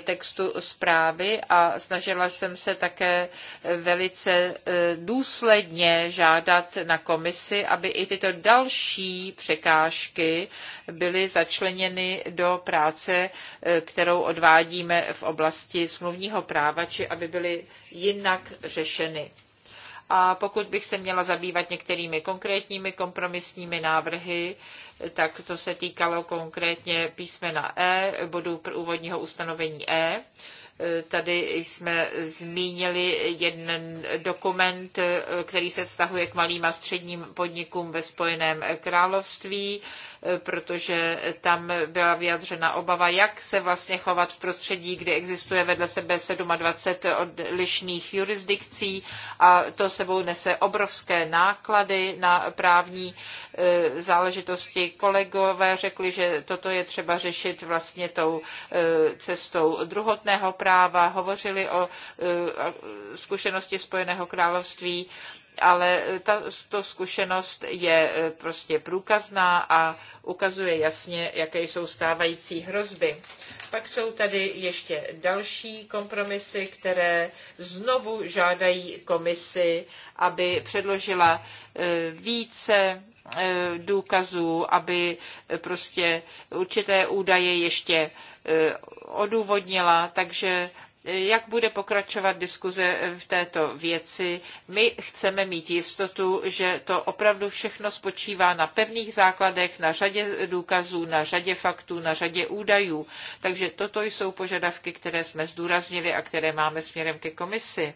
textu zprávy a snažila jsem se také eh, velice důsledně žádat na komisi, aby i tyto další překážky byly začleněny do práce, kterou odvádíme v oblasti smluvního práva, či aby byly jinak řešeny. A pokud bych se měla zabývat některými konkrétními kompromisními návrhy, tak to se týkalo konkrétně písmena E, bodu úvodního ustanovení E. Tady jsme zmínili jeden dokument, který se vztahuje k malým a středním podnikům ve Spojeném království, protože tam byla vyjadřena obava, jak se vlastně chovat v prostředí, kde existuje vedle sebe 27 odlišných jurisdikcí a to sebou nese obrovské náklady na právní eh, záležitosti. Kolegové řekli, že toto je třeba řešit vlastně tou eh, cestou druhotného práva práva, hovořili o e, zkušenosti Spojeného království, ale ta, to zkušenost je e, prostě průkazná a ukazuje jasně, jaké jsou stávající hrozby. Pak jsou tady ještě další kompromisy, které znovu žádají komisi, aby předložila e, více důkazů, aby prostě určité údaje ještě E, odůvodnila, takže e, jak bude pokračovat diskuze v této věci. My chceme mít jistotu, že to opravdu všechno spočívá na pevných základech, na řadě důkazů, na řadě faktů, na řadě údajů. Takže toto jsou požadavky, které jsme zdůraznili a které máme směrem ke komisi.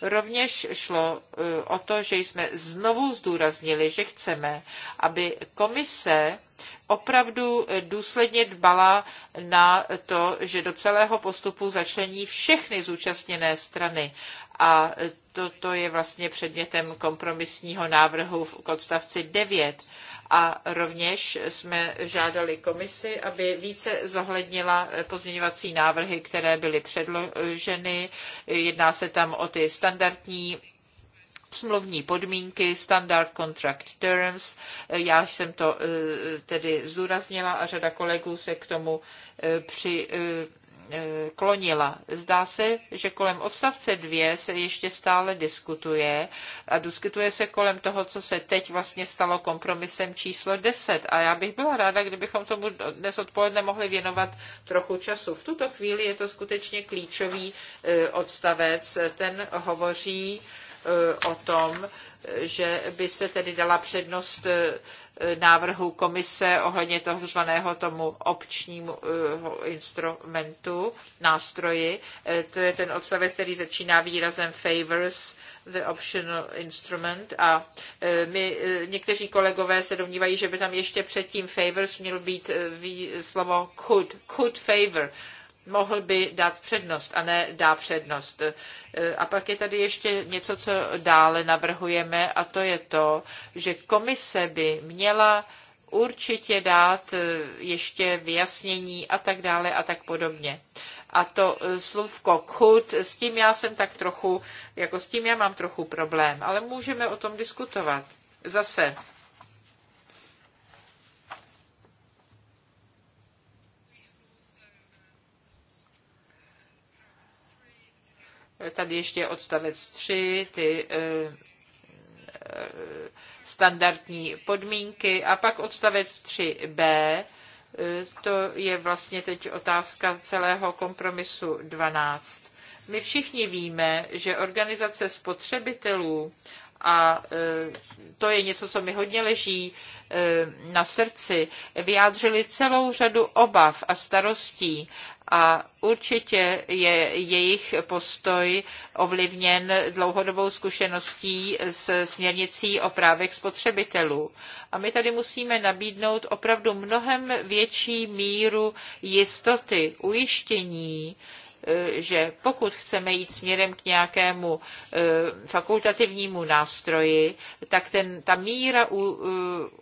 Rovněž šlo e, o to, že jsme znovu zdůraznili, že chceme, aby komise opravdu e, důsledně dbala na to, že do celého postupu začlení všechny zúčastněné strany. A toto je vlastně předmětem kompromisního návrhu v odstavci 9 a rovněž jsme žádali komisi, aby více zohlednila pozměňovací návrhy, které byly předloženy. Jedná se tam o ty standardní smluvní podmínky, standard contract terms. Já jsem to eh, tedy zdůraznila a řada kolegů se k tomu Eh, přiklonila. Eh, eh, Zdá se, že kolem odstavce 2 se ještě stále diskutuje a diskutuje se kolem toho, co se teď vlastně stalo kompromisem číslo 10. A já bych byla ráda, kdybychom tomu dnes odpoledne mohli věnovat trochu času. V tuto chvíli je to skutečně klíčový odstavec. Ten hovoří o tom, že by se tedy dala přednost e, návrhu komise ohledně toho zvaného tomu občnímu e, instrumentu, nástroji. E, to je ten odstavec, který začíná výrazem favors, the optional instrument a my, někteří kolegové se domnívají, že by tam ještě předtím favors měl být slovo could, could favor, mohl by dát přednost a ne dá přednost. E, a pak je tady ještě něco, co dále navrhujeme a to je to, že komise by měla určitě dát e, ještě vyjasnění a tak dále a tak podobně. A to e, slovko chud, s tím já jsem tak trochu, jako s tím já mám trochu problém, ale můžeme o tom diskutovat. Zase Tady ještě odstavec 3, ty eh, eh, standardní podmínky. A pak odstavec 3b, eh, to je vlastně teď otázka celého kompromisu 12. My všichni víme, že organizace spotřebitelů, a to je něco, co mi hodně leží na srdci, vyjádřili celou řadu obav a starostí a určitě je jejich postoj ovlivněn dlouhodobou zkušeností s směrnicí o právech spotřebitelů. A my tady musíme nabídnout opravdu mnohem větší míru jistoty, ujištění, že pokud chceme jít směrem k nějakému eh, fakultativnímu nástroji, tak ten, ta míra eh,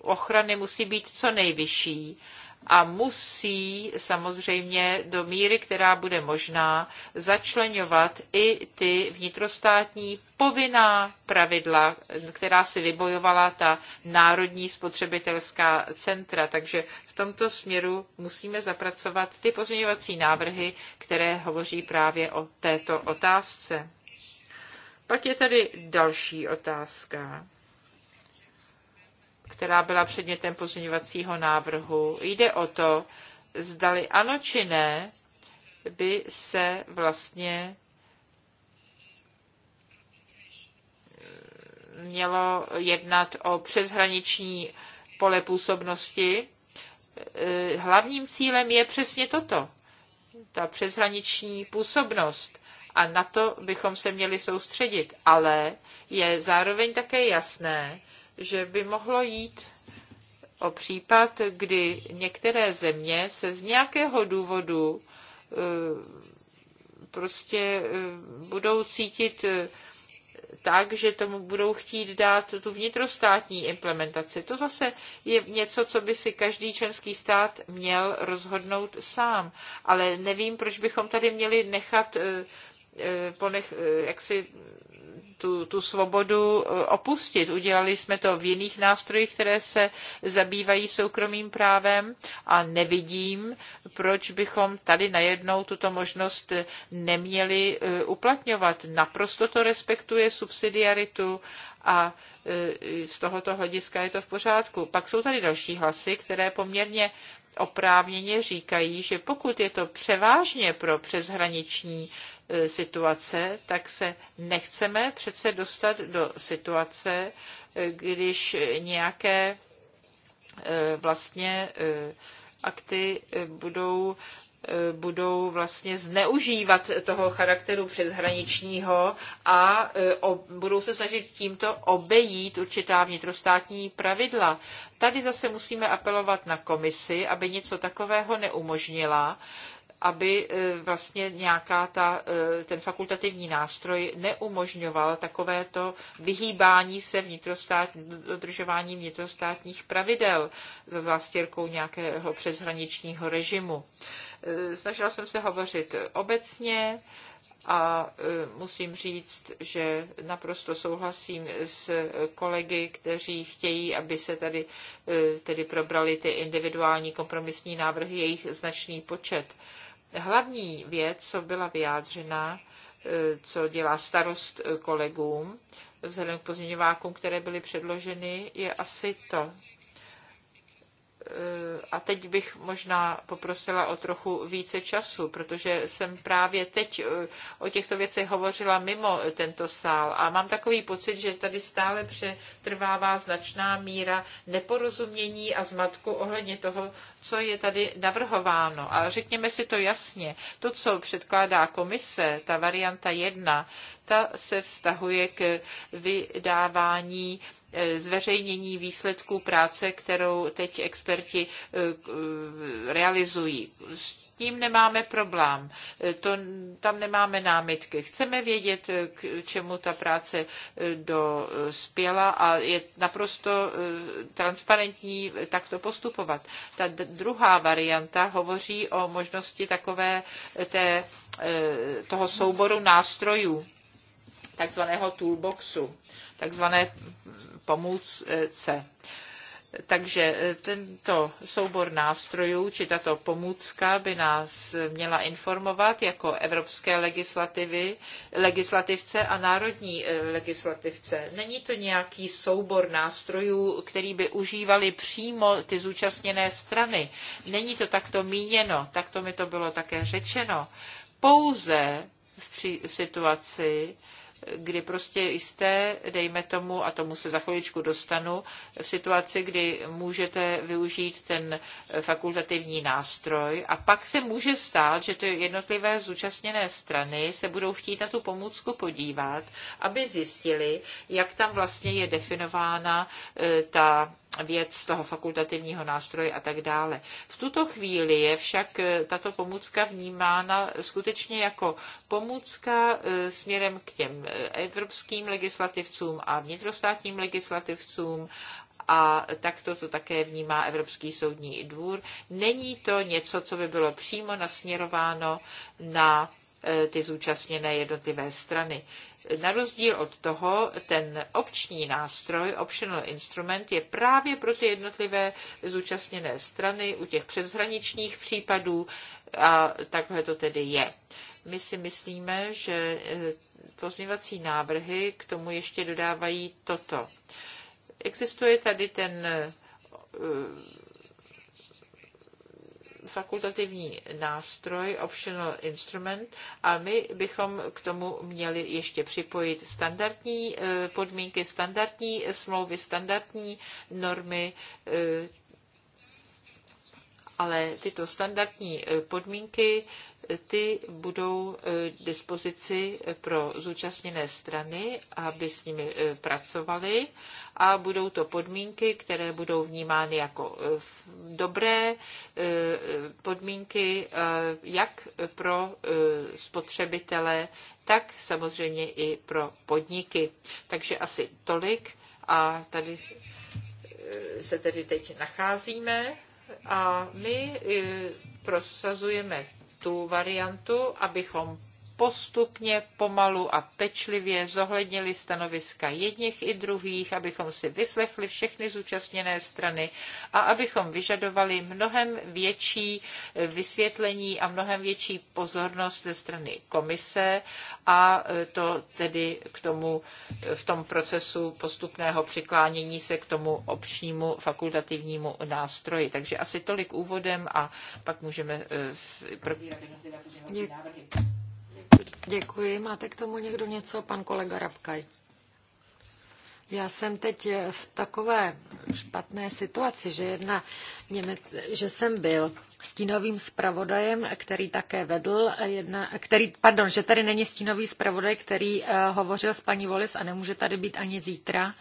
ochrany musí být co nejvyšší a musí samozřejmě do míry, která bude možná, začlenovat i ty vnitrostátní povinná pravidla, která si vybojovala ta národní spotřebitelská centra. Takže v tomto směru musíme zapracovat ty pozměňovací návrhy, které hovoří právě o této otázce. Pak je tady další otázka která byla předmětem pozměňovacího návrhu. Jde o to, zdali ano či ne, by se vlastně mělo jednat o přeshraniční pole působnosti. Eh, hlavním cílem je přesně toto, ta přeshraniční působnost. A na to bychom se měli soustředit. Ale je zároveň také jasné, že by mohlo jít o případ, kdy některé země se z nějakého důvodu e, prostě e, budou cítit e, tak, že tomu budou chtít dát tu vnitrostátní implementaci. To zase je něco, co by si každý členský stát měl rozhodnout sám. Ale nevím, proč bychom tady měli nechat ponech, jak si tu, tu svobodu eh, opustit. Udělali jsme to v jiných nástrojích, které se zabývají soukromým právem a nevidím, proč bychom tady najednou tuto možnost eh, neměli eh, uplatňovat. Naprosto to respektuje subsidiaritu a z tohoto hlediska je to v pořádku. Pak jsou tady další hlasy, které poměrně oprávněně říkají, že pokud je to převážně pro přeshraniční E, situace, tak se nechceme přece dostat do situace, e, když nějaké e, vlastně akty budou budou vlastně zneužívat toho charakteru přeshraničního a budou se snažit tímto obejít určitá vnitrostátní pravidla. Tady zase musíme apelovat na komisi, aby něco takového neumožnila, aby eh, vlastně nějaká ta, eh, ten fakultativní nástroj neumožňoval takovéto vyhýbání se vnitrostát, dodržování vnitrostátních pravidel za zástěrkou nějakého přeshraničního režimu. Eh, snažila jsem se hovořit obecně, a musím říct, že naprosto souhlasím s kolegy, kteří chtějí, aby se tady tedy probrali ty individuální kompromisní návrhy, jejich značný počet. Hlavní věc, co byla vyjádřena, e, co dělá starost kolegům, vzhledem k pozměňovákům, které byly předloženy, je asi to, Eh, a teď bych možná poprosila o trochu více času, protože jsem právě teď eh, o těchto věcech hovořila mimo tento sál a mám takový pocit, že tady stále přetrvává značná míra neporozumění a zmatku ohledně toho, co je tady navrhováno. A řekněme si to jasně, to, co předkládá komise, ta varianta jedna, ta se vztahuje k vydávání E, zveřejnění výsledků práce, kterou teď experti e, e, realizují S tím nemáme problém, to, tam nemáme námitky. Chceme vědět, k čemu ta práce dospěla a je naprosto transparentní takto postupovat. Ta druhá varianta hovoří o možnosti takové té, toho souboru nástrojů, takzvaného toolboxu, takzvané pomůcce. Takže e, tento soubor nástrojů či tato pomůcka by nás měla informovat jako evropské legislativy, legislativce a národní e, legislativce. Není to nějaký soubor nástrojů, který by užívali přímo ty zúčastněné strany. Není to takto míněno, takto mi to bylo také řečeno. Pouze v situaci, kdy prostě jste, dejme tomu, a tomu se za chviličku dostanu, v situaci, kdy můžete využít ten fakultativní nástroj a pak se může stát, že ty jednotlivé zúčastněné strany se budou chtít na tu pomůcku podívat, aby zjistili, jak tam vlastně je definována eh, ta věc toho fakultativního nástroje a tak dále. V tuto chvíli je však eh, tato pomůcka vnímána skutečně jako pomůcka eh, směrem k těm eh, evropským legislativcům a vnitrostátním legislativcům a takto to také vnímá Evropský soudní dvůr. Není to něco, co by bylo přímo nasměrováno na E, ty zúčastněné jednotlivé strany. Na rozdíl od toho, ten opční nástroj, optional instrument, je právě pro ty jednotlivé zúčastněné strany u těch přeshraničních případů a takhle to tedy je. My si myslíme, že e, pozměvací návrhy k tomu ještě dodávají toto. Existuje tady ten e, fakultativní nástroj, optional instrument, a my bychom k tomu měli ještě připojit standardní eh, podmínky, standardní smlouvy, standardní normy, eh, ale tyto standardní eh, podmínky ty budou e, dispozici pro zúčastněné strany, aby s nimi e, pracovali a budou to podmínky, které budou vnímány jako e, dobré podmínky jak pro spotřebitele, tak samozřejmě i pro podniky. Takže asi tolik a tady se tedy teď nacházíme a my prosazujeme tu variantu, abychom postupně, pomalu a pečlivě zohlednili stanoviska jedněch i druhých, abychom si vyslechli všechny zúčastněné strany a abychom vyžadovali mnohem větší eh, vysvětlení a mnohem větší pozornost ze strany komise a eh, to tedy k tomu eh, v tom procesu postupného přiklánění se k tomu občnímu fakultativnímu nástroji. Takže asi tolik úvodem a pak můžeme probírat jednotlivé návrhy. Děkuji. Máte k tomu někdo něco, pan kolega Rabkaj? Já jsem teď v takové špatné situaci, že, jedna Němec, že jsem byl stínovým zpravodajem, který také vedl, jedna, který, pardon, že tady není stínový zpravodaj, který uh, hovořil s paní Volis a nemůže tady být ani zítra. Uh,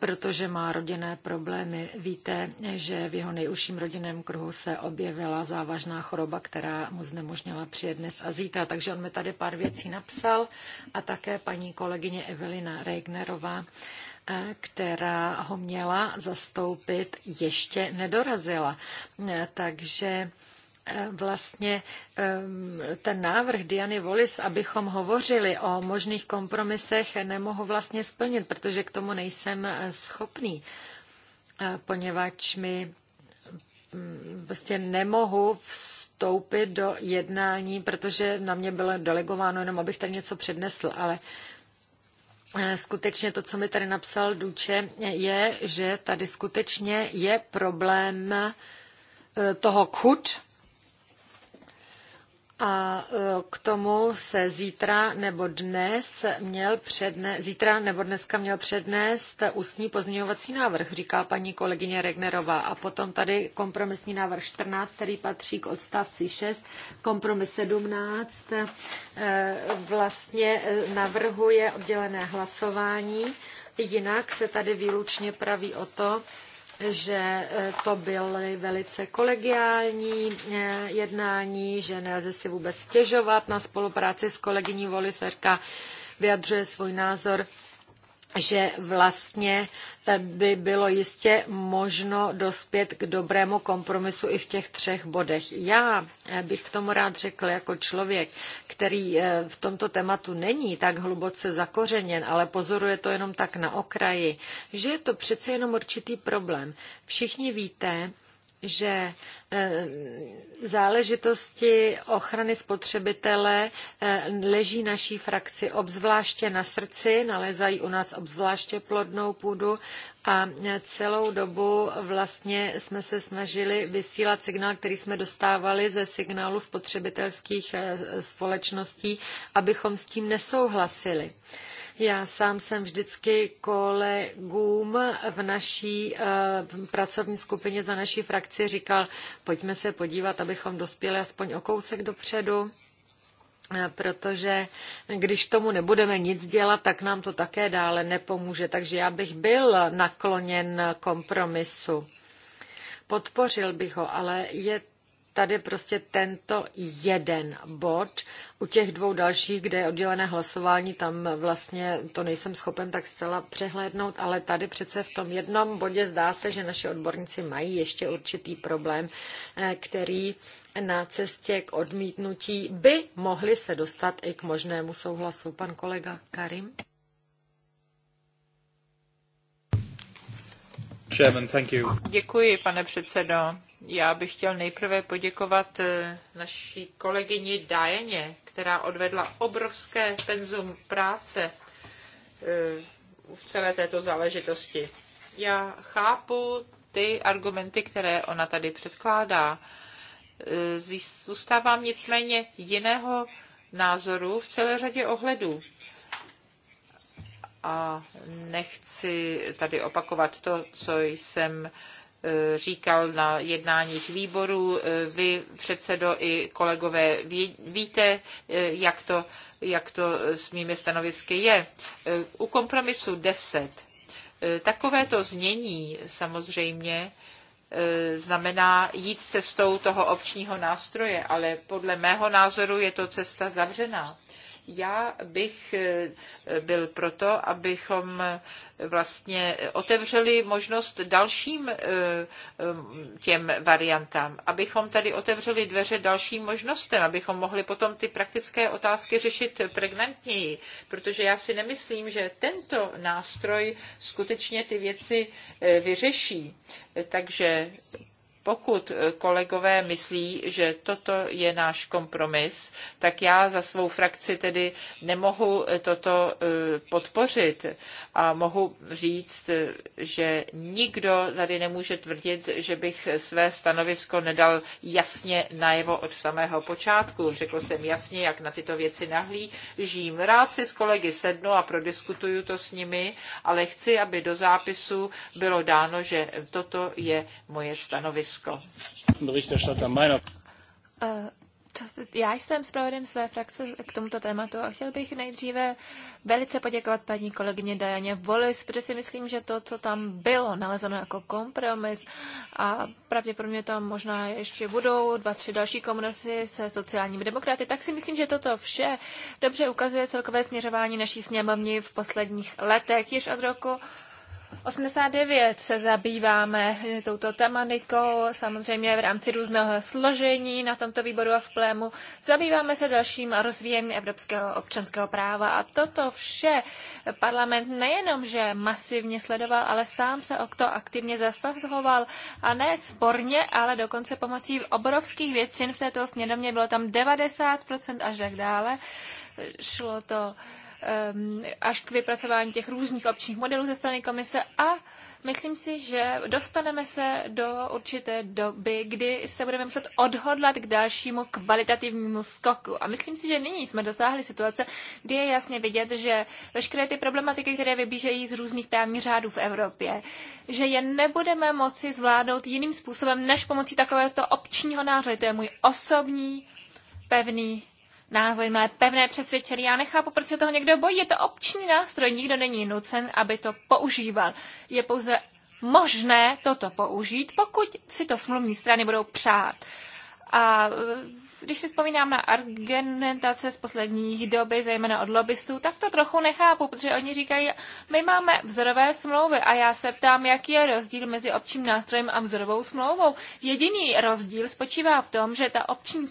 protože má rodinné problémy. Víte, že v jeho nejužším rodinném kruhu se objevila závažná choroba, která mu znemožnila přijet dnes a zítra. Takže on mi tady pár věcí napsal a také paní kolegyně Evelina Regnerová eh, která ho měla zastoupit, ještě nedorazila. Eh, takže vlastně ten návrh Diany Volis, abychom hovořili o možných kompromisech, nemohu vlastně splnit, protože k tomu nejsem eh, schopný, eh, poněvadž mi vlastně nemohu vstoupit do jednání, protože na mě bylo delegováno jenom, abych tady něco přednesl, ale eh, skutečně to, co mi tady napsal Duče, je, že tady skutečně je problém toho kud, a e, k tomu se zítra nebo dnes měl předne, zítra nebo dneska měl přednést ústní pozměňovací návrh, říká paní kolegyně Regnerová. A potom tady kompromisní návrh 14, který patří k odstavci 6, kompromis 17 e, vlastně e, navrhuje oddělené hlasování. Jinak se tady výlučně praví o to, že eh, to byly velice kolegiální eh, jednání, že nelze si vůbec stěžovat na spolupráci s kolegyní Voliserka, vyjadřuje svůj názor že vlastně by bylo jistě možno dospět k dobrému kompromisu i v těch třech bodech. Já eh, bych k tomu rád řekl jako člověk, který eh, v tomto tématu není tak hluboce zakořeněn, ale pozoruje to jenom tak na okraji, že je to přece jenom určitý problém. Všichni víte, že eh, záležitosti ochrany spotřebitele eh, leží naší frakci obzvláště na srdci, nalézají u nás obzvláště plodnou půdu a eh, celou dobu vlastně jsme se snažili vysílat signál, který jsme dostávali ze signálu spotřebitelských společností, abychom s tím nesouhlasili. Já sám jsem vždycky kolegům v naší eh, pracovní skupině za naší frakci říkal, pojďme se podívat, abychom dospěli aspoň o kousek dopředu eh, protože když tomu nebudeme nic dělat, tak nám to také dále nepomůže. Takže já bych byl nakloněn kompromisu. Podpořil bych ho, ale je tady prostě tento jeden bod. U těch dvou dalších, kde je oddělené hlasování, tam vlastně to nejsem schopen tak zcela přehlédnout, ale tady přece v tom jednom bodě zdá se, že naši odborníci mají ještě určitý problém, eh, který na cestě k odmítnutí by mohli se dostat i k možnému souhlasu. Pan kolega Karim. Děkuji, pane předsedo. Já bych chtěl nejprve poděkovat eh, naší kolegyni Dajeně, která odvedla obrovské penzum práce eh, v celé této záležitosti. Já chápu ty argumenty, které ona tady předkládá. Eh, zůstávám nicméně jiného názoru v celé řadě ohledů. A nechci tady opakovat to, co jsem Eh, říkal na jednáních výborů. Eh, vy, předsedo i kolegové, víte, eh, jak to, jak to s mými stanovisky je. U kompromisu 10. Takovéto znění samozřejmě znamená jít cestou toho občního nástroje, ale podle mého názoru je to cesta zavřená. Já bych eh, byl proto, abychom eh, vlastně otevřeli možnost dalším eh, těm variantám, abychom tady otevřeli dveře dalším možnostem, abychom mohli potom ty praktické otázky řešit pregnantněji, protože já si nemyslím, že tento nástroj skutečně ty věci vyřeší. Takže pokud eh, kolegové myslí, že toto je náš kompromis, tak já za svou frakci tedy nemohu eh, toto eh, podpořit a mohu říct, že nikdo tady nemůže tvrdit, že bych své stanovisko nedal jasně najevo od samého počátku. Řekl jsem jasně, jak na tyto věci nahlížím. Rád si s kolegy sednu a prodiskutuju to s nimi, ale chci, aby do zápisu bylo dáno, že toto je moje stanovisko. Uh, co se, já jsem zpravodajem své frakce k tomuto tématu a chtěl bych nejdříve velice poděkovat paní kolegyně Dajaně Volis, protože si myslím, že to, co tam bylo nalezeno jako kompromis a pravděpodobně tam možná ještě budou dva, tři další komunisty se sociálními demokraty, tak si myslím, že toto vše dobře ukazuje celkové směřování naší sněmovny v posledních letech, již od roku 89 se zabýváme touto tematikou, samozřejmě v rámci různého složení na tomto výboru a v plému. Zabýváme se dalším rozvíjem evropského občanského práva a toto vše parlament nejenom, že masivně sledoval, ale sám se o to aktivně zasahoval a ne sporně, ale dokonce pomocí obrovských většin v této směrně bylo tam 90% až tak dále. Šlo to uh, Ehm, až k vypracování těch různých opčních modelů ze strany komise a myslím si, že dostaneme se do určité doby, kdy se budeme muset odhodlat k dalšímu kvalitativnímu skoku. A myslím si, že nyní jsme dosáhli situace, kdy je jasně vidět, že veškeré ty problematiky, které vybížejí z různých právních řádů v Evropě, že je nebudeme moci zvládnout jiným způsobem než pomocí takovéhoto opčního nářadu. To je můj osobní pevný názory, mé pevné přesvědčení. Já nechápu, proč se toho někdo bojí. Je to obční nástroj, nikdo není nucen, aby to používal. Je pouze možné toto použít, pokud si to smluvní strany budou přát. A když si vzpomínám na argumentace z posledních doby, zejména od lobbystů, tak to trochu nechápu, protože oni říkají, my máme vzorové smlouvy a já se ptám, jaký je rozdíl mezi občím nástrojem a vzorovou smlouvou. Jediný rozdíl spočívá v tom, že ta obční,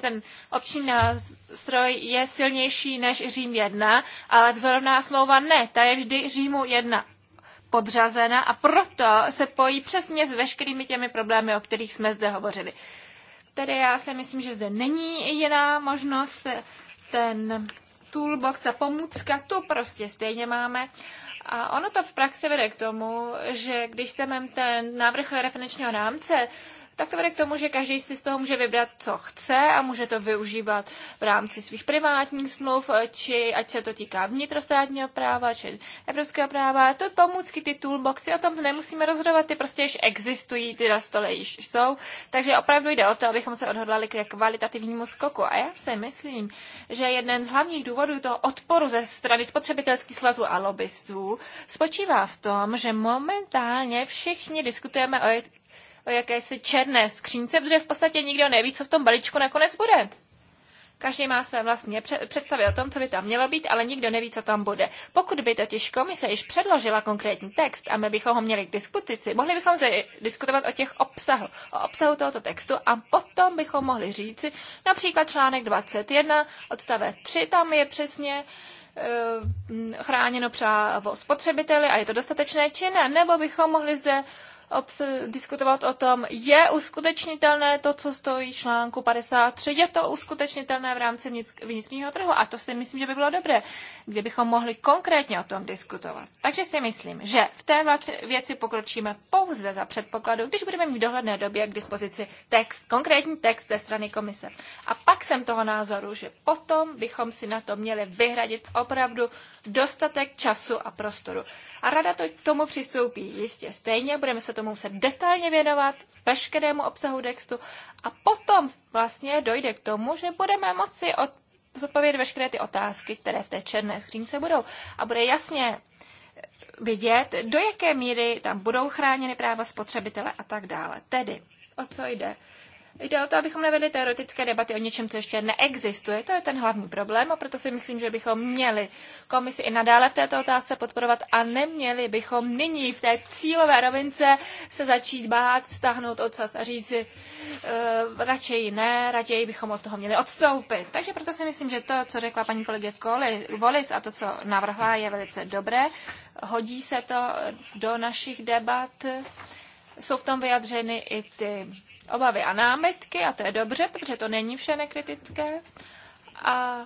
ten obční nástroj je silnější než Řím 1, ale vzorovná smlouva ne, ta je vždy Římu 1 podřazena a proto se pojí přesně s veškerými těmi problémy, o kterých jsme zde hovořili. Tedy já si myslím, že zde není jiná možnost. Ten toolbox, ta pomůcka, tu prostě stejně máme. A ono to v praxi vede k tomu, že když se mám ten návrh referenčního rámce, tak to vede k tomu, že každý si z toho může vybrat, co chce a může to využívat v rámci svých privátních smluv, či ať se to týká vnitrostátního práva, či evropského práva. To je pomůcky, ty toolboxy, o tom nemusíme rozhodovat, ty prostě již existují, ty na stole již jsou. Takže opravdu jde o to, abychom se odhodlali k kvalitativnímu skoku. A já si myslím, že jeden z hlavních důvodů toho odporu ze strany spotřebitelských svazů a lobbystů spočívá v tom, že momentálně všichni diskutujeme o o jakési černé skřínce, protože v podstatě nikdo neví, co v tom balíčku nakonec bude. Každý má své vlastně představy o tom, co by tam mělo být, ale nikdo neví, co tam bude. Pokud by totiž komise již předložila konkrétní text a my bychom ho měli k diskutici, mohli bychom se diskutovat o těch obsahu, o obsahu tohoto textu a potom bychom mohli říci, například článek 21, odstave 3, tam je přesně eh, chráněno právo spotřebiteli a je to dostatečné či ne, nebo bychom mohli zde diskutovat o tom, je uskutečnitelné to, co stojí článku 53, je to uskutečnitelné v rámci vnitřního trhu a to si myslím, že by bylo dobré, kdybychom mohli konkrétně o tom diskutovat. Takže si myslím, že v té věci pokročíme pouze za předpokladu, když budeme mít v dohledné době k dispozici text, konkrétní text ze strany komise. A pak jsem toho názoru, že potom bychom si na to měli vyhradit opravdu dostatek času a prostoru. A rada to k tomu přistoupí jistě stejně, budeme se to tomu muset detailně věnovat veškerému obsahu textu a potom vlastně dojde k tomu, že budeme moci od, zodpovědět veškeré ty otázky, které v té černé skřínce budou. A bude jasně vidět, do jaké míry tam budou chráněny práva spotřebitele a tak dále. Tedy, o co jde? Jde o to, abychom nevedli teoretické debaty o něčem, co ještě neexistuje. To je ten hlavní problém a proto si myslím, že bychom měli komisi i nadále v této otázce podporovat a neměli bychom nyní v té cílové rovince se začít bát, stáhnout odsaz a říct si, uh, eh, radšeji ne, raději bychom od toho měli odstoupit. Takže proto si myslím, že to, co řekla paní kolegě Volis a to, co navrhla, je velice dobré. Hodí se to do našich debat. Jsou v tom vyjadřeny i ty obavy a námitky a to je dobře, protože to není vše nekritické. A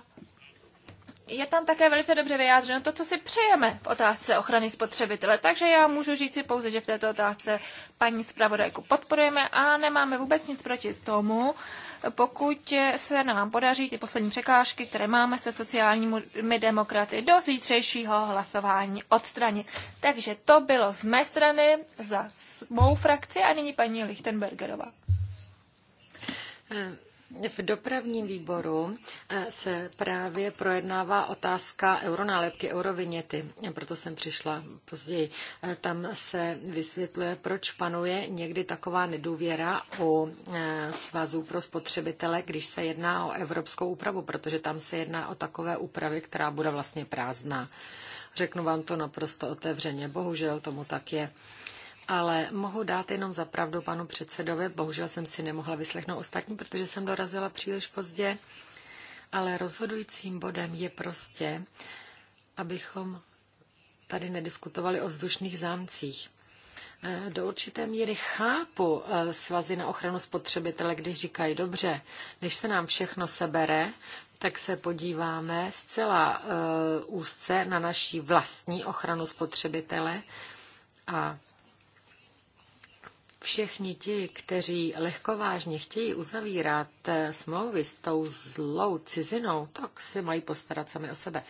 je tam také velice dobře vyjádřeno to, co si přejeme v otázce ochrany spotřebitele. Takže já můžu říci pouze, že v této otázce paní zpravodajku podporujeme a nemáme vůbec nic proti tomu, pokud se nám podaří ty poslední překážky, které máme se sociálními demokraty do zítřejšího hlasování odstranit. Takže to bylo z mé strany za mou frakci a nyní paní Lichtenbergerová. Eh, v dopravním výboru eh, se právě projednává otázka euronálepky, eurovinety, proto jsem přišla později. Eh, tam se vysvětluje, proč panuje někdy taková nedůvěra u svazů pro spotřebitele, když se jedná o evropskou úpravu, protože tam se jedná o takové úpravy, která bude vlastně prázdná. Řeknu vám to naprosto otevřeně. Bohužel tomu tak je ale mohu dát jenom za pravdu panu předsedovi. Bohužel jsem si nemohla vyslechnout ostatní, protože jsem dorazila příliš pozdě. Ale rozhodujícím bodem je prostě, abychom tady nediskutovali o vzdušných zámcích. Eh, do určité míry chápu eh, svazy na ochranu spotřebitele, když říkají, dobře, než se nám všechno sebere, tak se podíváme zcela eh, úzce na naší vlastní ochranu spotřebitele a Všichni ti, kteří lehkovážně chtějí uzavírat eh, smlouvy s tou zlou cizinou, tak si mají postarat sami o sebe.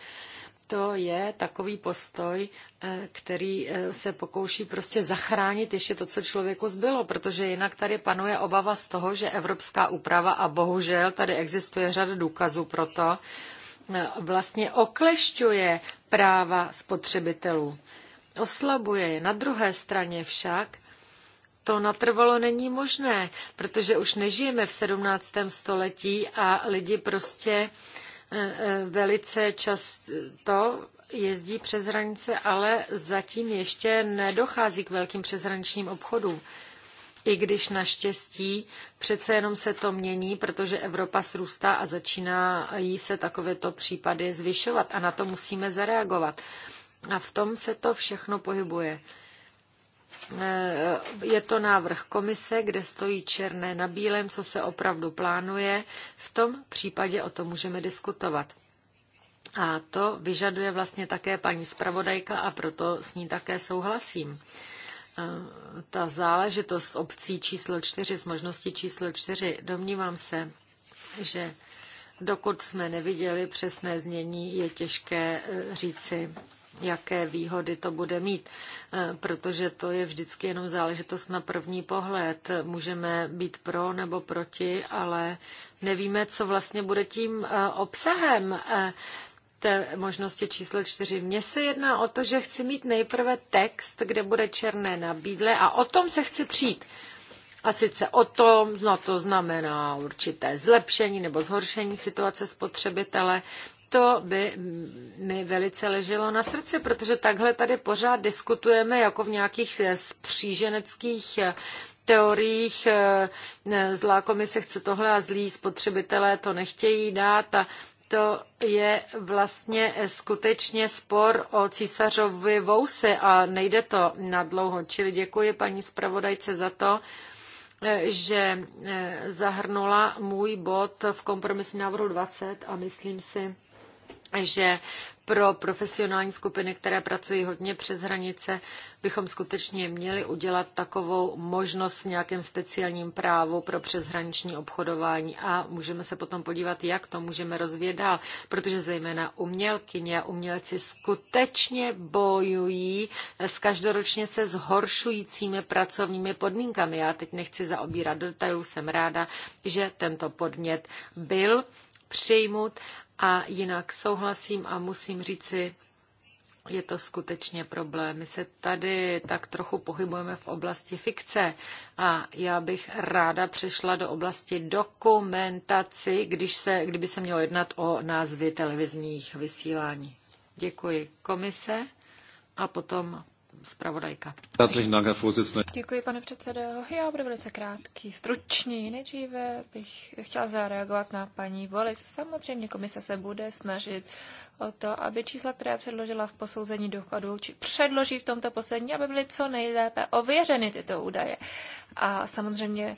To je takový postoj, eh, který eh, se pokouší prostě zachránit ještě to, co člověku zbylo, protože jinak tady panuje obava z toho, že evropská úprava, a bohužel tady existuje řada důkazů pro to, vlastně oklešťuje práva spotřebitelů. Oslabuje je. Na druhé straně však to natrvalo není možné, protože už nežijeme v 17. století a lidi prostě e, e, velice často jezdí přes hranice, ale zatím ještě nedochází k velkým přeshraničním obchodům. I když naštěstí přece jenom se to mění, protože Evropa srůstá a začíná jí se takovéto případy zvyšovat a na to musíme zareagovat. A v tom se to všechno pohybuje. Eh, je to návrh komise, kde stojí černé na bílém, co se opravdu plánuje. V tom případě o tom můžeme diskutovat. A to vyžaduje vlastně také paní zpravodajka a proto s ní také souhlasím. Eh, ta záležitost obcí číslo čtyři, s možností číslo čtyři, domnívám se, že dokud jsme neviděli přesné znění, je těžké eh, říci, jaké výhody to bude mít, eh, protože to je vždycky jenom záležitost na první pohled. Můžeme být pro nebo proti, ale nevíme, co vlastně bude tím eh, obsahem eh, té možnosti číslo čtyři. Mně se jedná o to, že chci mít nejprve text, kde bude černé na bídle a o tom se chci přijít. A sice o tom, no to znamená určité zlepšení nebo zhoršení situace spotřebitele, to by mi velice leželo na srdci, protože takhle tady pořád diskutujeme jako v nějakých eh, spříženeckých eh, teoriích. Eh, zlá komise chce tohle a zlí spotřebitelé to nechtějí dát a to je vlastně skutečně spor o císařovi vousy a nejde to na dlouho. Čili děkuji paní zpravodajce za to, že zahrnula můj bod v kompromisní návrhu 20 a myslím si, že pro profesionální skupiny, které pracují hodně přes hranice, bychom skutečně měli udělat takovou možnost s nějakým speciálním právu pro přeshraniční obchodování a můžeme se potom podívat, jak to můžeme rozvíjet dál, protože zejména umělkyně a umělci skutečně bojují s každoročně se zhoršujícími pracovními podmínkami. Já teď nechci zaobírat do detailů, jsem ráda, že tento podnět byl přijmout a jinak souhlasím a musím říci, je to skutečně problém. My se tady tak trochu pohybujeme v oblasti fikce a já bych ráda přešla do oblasti dokumentaci, když se, kdyby se mělo jednat o názvy televizních vysílání. Děkuji komise a potom zpravodajka. Děkuji, pane předsedo. Já budu velice krátký, stručný. Nejdříve bych chtěla zareagovat na paní Volis. Samozřejmě komise se bude snažit o to, aby čísla, která předložila v posouzení dokladů, či předloží v tomto poslední, aby byly co nejlépe ověřeny tyto údaje. A samozřejmě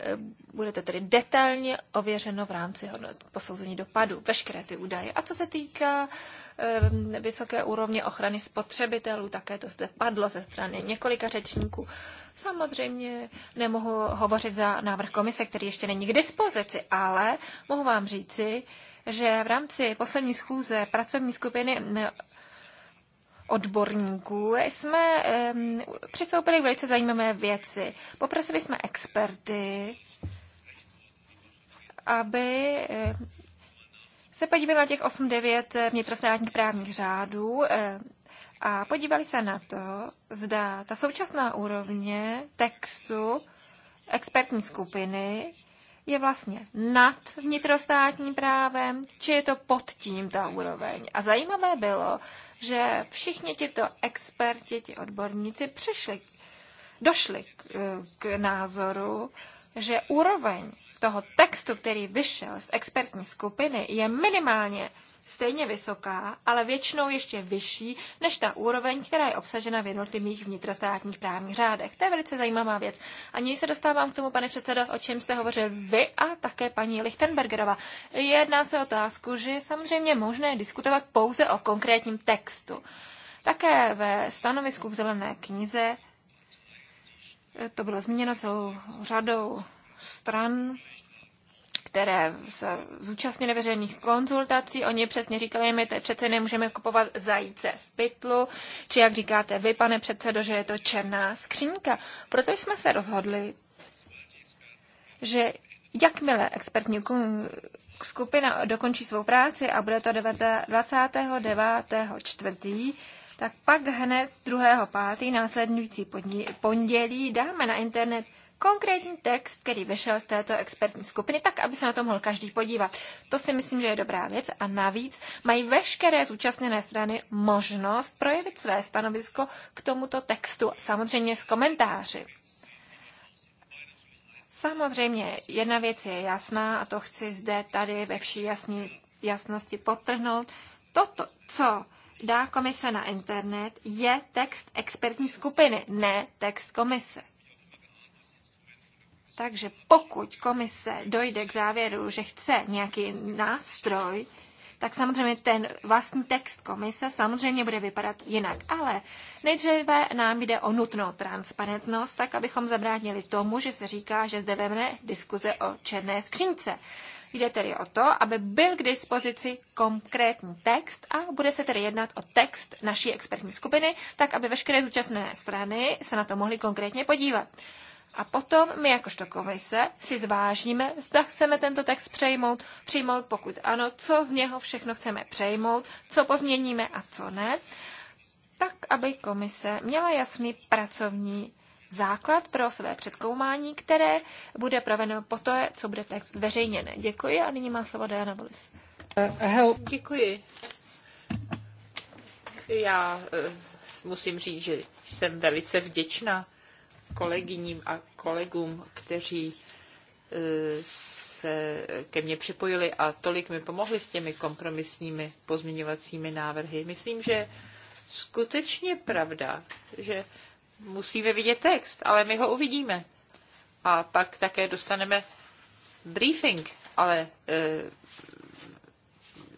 Eh, bude to tedy detailně ověřeno v rámci posouzení dopadu, veškeré ty údaje. A co se týká eh, vysoké úrovně ochrany spotřebitelů, také to zde padlo ze strany několika řečníků. Samozřejmě nemohu hovořit za návrh komise, který ještě není k dispozici, ale mohu vám říci, že v rámci poslední schůze pracovní skupiny odborníků jsme um, přistoupili k velice zajímavé věci. Poprosili jsme experty, aby se podívali na těch 8-9 vnitrostátních právních řádů a podívali se na to, zda ta současná úrovně textu expertní skupiny je vlastně nad vnitrostátním právem, či je to pod tím ta úroveň. A zajímavé bylo, že všichni tito experti, ti odborníci přišli, došli k, k názoru, že úroveň toho textu, který vyšel z expertní skupiny, je minimálně stejně vysoká, ale většinou ještě vyšší než ta úroveň, která je obsažena v jednotlivých vnitrostátních právních řádech. To je velice zajímavá věc. A nyní se dostávám k tomu, pane předsedo, o čem jste hovořil vy a také paní Lichtenbergerova. Jedná se o otázku, že je samozřejmě možné diskutovat pouze o konkrétním textu. Také ve stanovisku v zelené knize eh, to bylo zmíněno celou řadou stran které se zúčastnili veřejných konzultací, oni přesně říkali, my tady přece nemůžeme kupovat zajíce v pytlu, či jak říkáte vy, pane předsedo, že je to černá skřínka. Proto jsme se rozhodli, že jakmile expertní skupina dokončí svou práci a bude to 29. čtvrtí, tak pak hned 2. pátý následující pondělí dáme na internet konkrétní text, který vyšel z této expertní skupiny, tak, aby se na to mohl každý podívat. To si myslím, že je dobrá věc a navíc mají veškeré zúčastněné strany možnost projevit své stanovisko k tomuto textu, samozřejmě s komentáři. Samozřejmě, jedna věc je jasná a to chci zde tady ve vší jasný, jasnosti potrhnout. Toto, co dá komise na internet, je text expertní skupiny, ne text komise. Takže pokud komise dojde k závěru, že chce nějaký nástroj, tak samozřejmě ten vlastní text komise samozřejmě bude vypadat jinak. Ale nejdříve nám jde o nutnou transparentnost, tak abychom zabránili tomu, že se říká, že zde vemne diskuze o černé skřínce. Jde tedy o to, aby byl k dispozici konkrétní text a bude se tedy jednat o text naší expertní skupiny, tak aby veškeré zúčastněné strany se na to mohly konkrétně podívat. A potom my jakožto komise si zvážíme, zda chceme tento text přejmout, přijmout, pokud ano, co z něho všechno chceme přejmout, co pozměníme a co ne, tak aby komise měla jasný pracovní základ pro své předkoumání, které bude po to, co bude text zveřejněn. Děkuji a nyní má slovo Diana Bolis. Uh, eh, Děkuji. Já uh, musím říct, že jsem velice vděčná kolegyním a kolegům, kteří e, se ke mně připojili a tolik mi pomohli s těmi kompromisními pozměňovacími návrhy. Myslím, že skutečně pravda, že musíme vidět text, ale my ho uvidíme. A pak také dostaneme briefing, ale eh,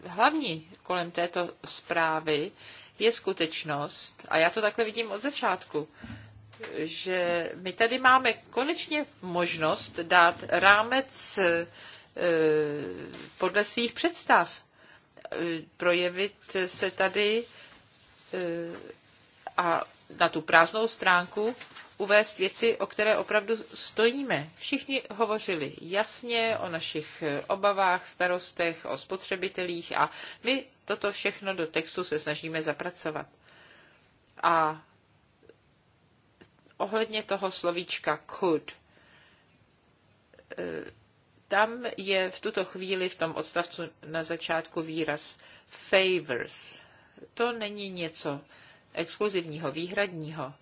hlavní kolem této zprávy je skutečnost, a já to takhle vidím od začátku, že my tady máme konečně možnost dát rámec e, podle svých představ. E, projevit se tady e, a na tu prázdnou stránku uvést věci, o které opravdu stojíme. Všichni hovořili jasně o našich obavách, starostech, o spotřebitelích a my toto všechno do textu se snažíme zapracovat. A ohledně toho slovíčka could. Eh, tam je v tuto chvíli v tom odstavcu na začátku výraz favors. To není něco exkluzivního, výhradního.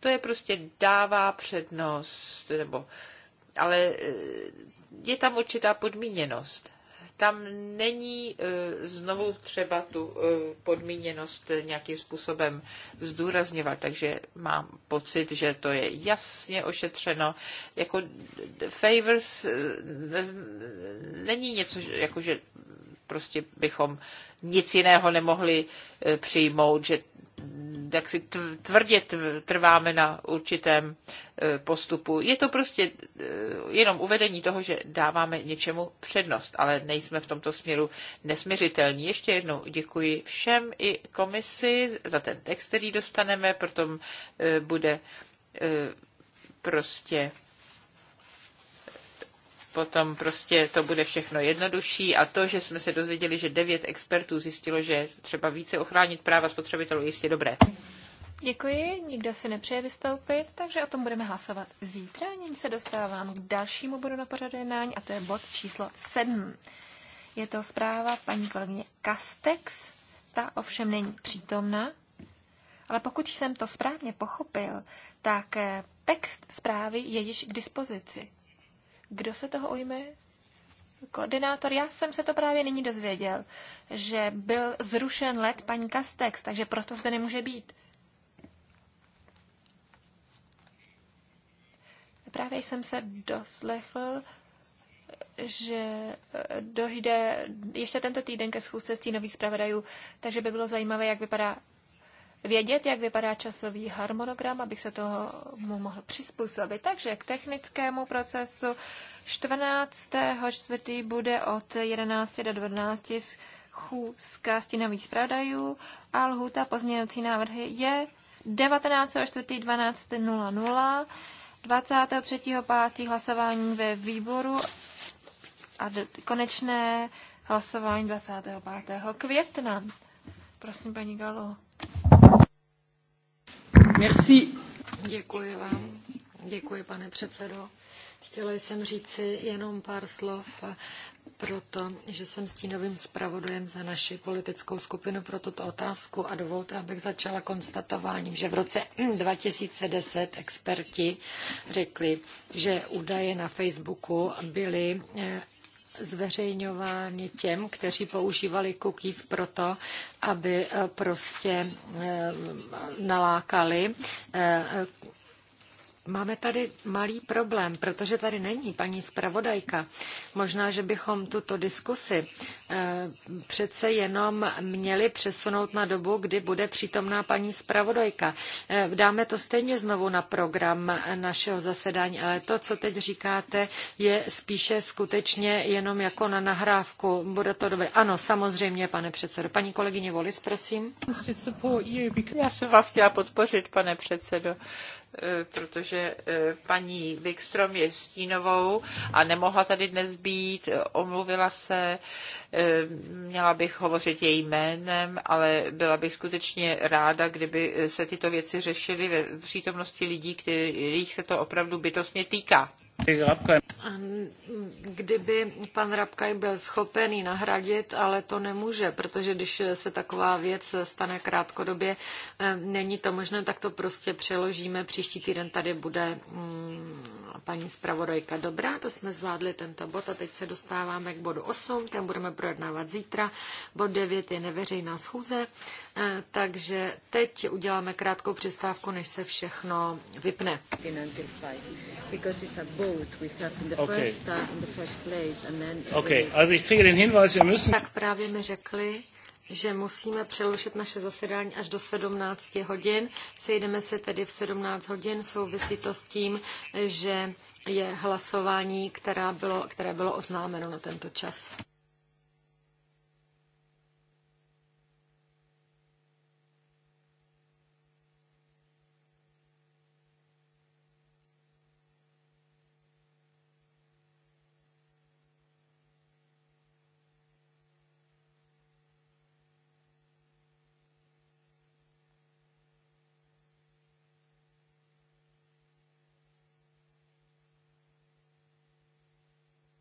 To je prostě dává přednost, nebo, ale eh, je tam určitá podmíněnost tam není e, znovu třeba tu e, podmíněnost nějakým způsobem zdůrazněvat, takže mám pocit, že to je jasně ošetřeno. Jako favors e, není něco, jako že prostě bychom nic jiného nemohli přijmout, že jak si tvrdě trváme na určitém e, postupu. Je to prostě e, jenom uvedení toho, že dáváme něčemu přednost, ale nejsme v tomto směru nesměřitelní. Ještě jednou děkuji všem i komisi za ten text, který dostaneme, proto e, bude prostě potom prostě to bude všechno jednodušší a to, že jsme se dozvěděli, že devět expertů zjistilo, že třeba více ochránit práva spotřebitelů, jistě dobré. Děkuji, nikdo si nepřeje vystoupit, takže o tom budeme hlasovat zítra. Nyní se dostávám k dalšímu bodu na pořadu jednání a to je bod číslo 7. Je to zpráva paní kolegyně Kastex, ta ovšem není přítomna, ale pokud jsem to správně pochopil, tak eh, text zprávy je již k dispozici. Kdo se toho ujme? Koordinátor, já jsem se to právě nyní dozvěděl, že byl zrušen let paní Kastex, takže proto zde nemůže být. Právě jsem se doslechl, že eh, dojde ještě tento týden ke schůzce nových zpravodajů, takže by bylo zajímavé, jak vypadá vědět, jak vypadá časový harmonogram, abych se toho mohl přizpůsobit. Takže k technickému procesu 14. čtvrtý bude od 11 do 12 schůzka stínových zpravodajů a lhůta pozměňovací návrhy je 19. 4. 12. 00, 23. 5. hlasování ve výboru a konečné hlasování 25. května. Prosím, paní Galo. Děkuji vám. Děkuji, pane předsedající Chtěla jsem říci jenom pár slov, eh, protože že jsem stínovým zpravodajem za naši politickou skupinu pro tuto otázku a dovolte, abych začala konstatováním, že v roce 2010 experti řekli, že údaje na Facebooku byly eh, zveřejňovány těm, kteří používali cookies proto, aby eh, prostě eh, nalákali eh, Máme tady malý problém, protože tady není paní zpravodajka. Možná, že bychom tuto diskusi eh, přece jenom měli přesunout na dobu, kdy bude přítomná paní zpravodajka. Eh, dáme to stejně znovu na program našeho zasedání, ale to, co teď říkáte, je spíše skutečně jenom jako na nahrávku. Bude to dobré. Ano, samozřejmě, pane předsedo. Paní kolegyně Volis, prosím. Já jsem vás chtěla podpořit, pane předsedo Eh, protože eh, paní Wikstrom je stínovou a nemohla tady dnes být, eh, omluvila se, měla bych hovořit její jménem, ale byla bych skutečně ráda, kdyby se tyto věci řešily ve přítomnosti lidí, kterých se to opravdu bytostně týká. Kdyby pan Rabkaj byl schopen ji nahradit, ale to nemůže, protože když se taková věc stane krátkodobě, eh, není to možné, tak to prostě přeložíme. Příští týden tady bude mm, paní zpravodajka. Dobrá, to jsme zvládli tento bod a teď se dostáváme k bodu 8, ten budeme projednávat zítra. Bod 9 je neveřejná schůze. Eh, takže teď uděláme krátkou přestávku, než se všechno vypne. Tak právě mi řekli, že musíme přerušit naše zasedání až do 17 hodin. Sejdeme se tedy v 17 hodin. Souvisí to s tím, že je hlasování, která bylo, které bylo oznámeno na tento čas.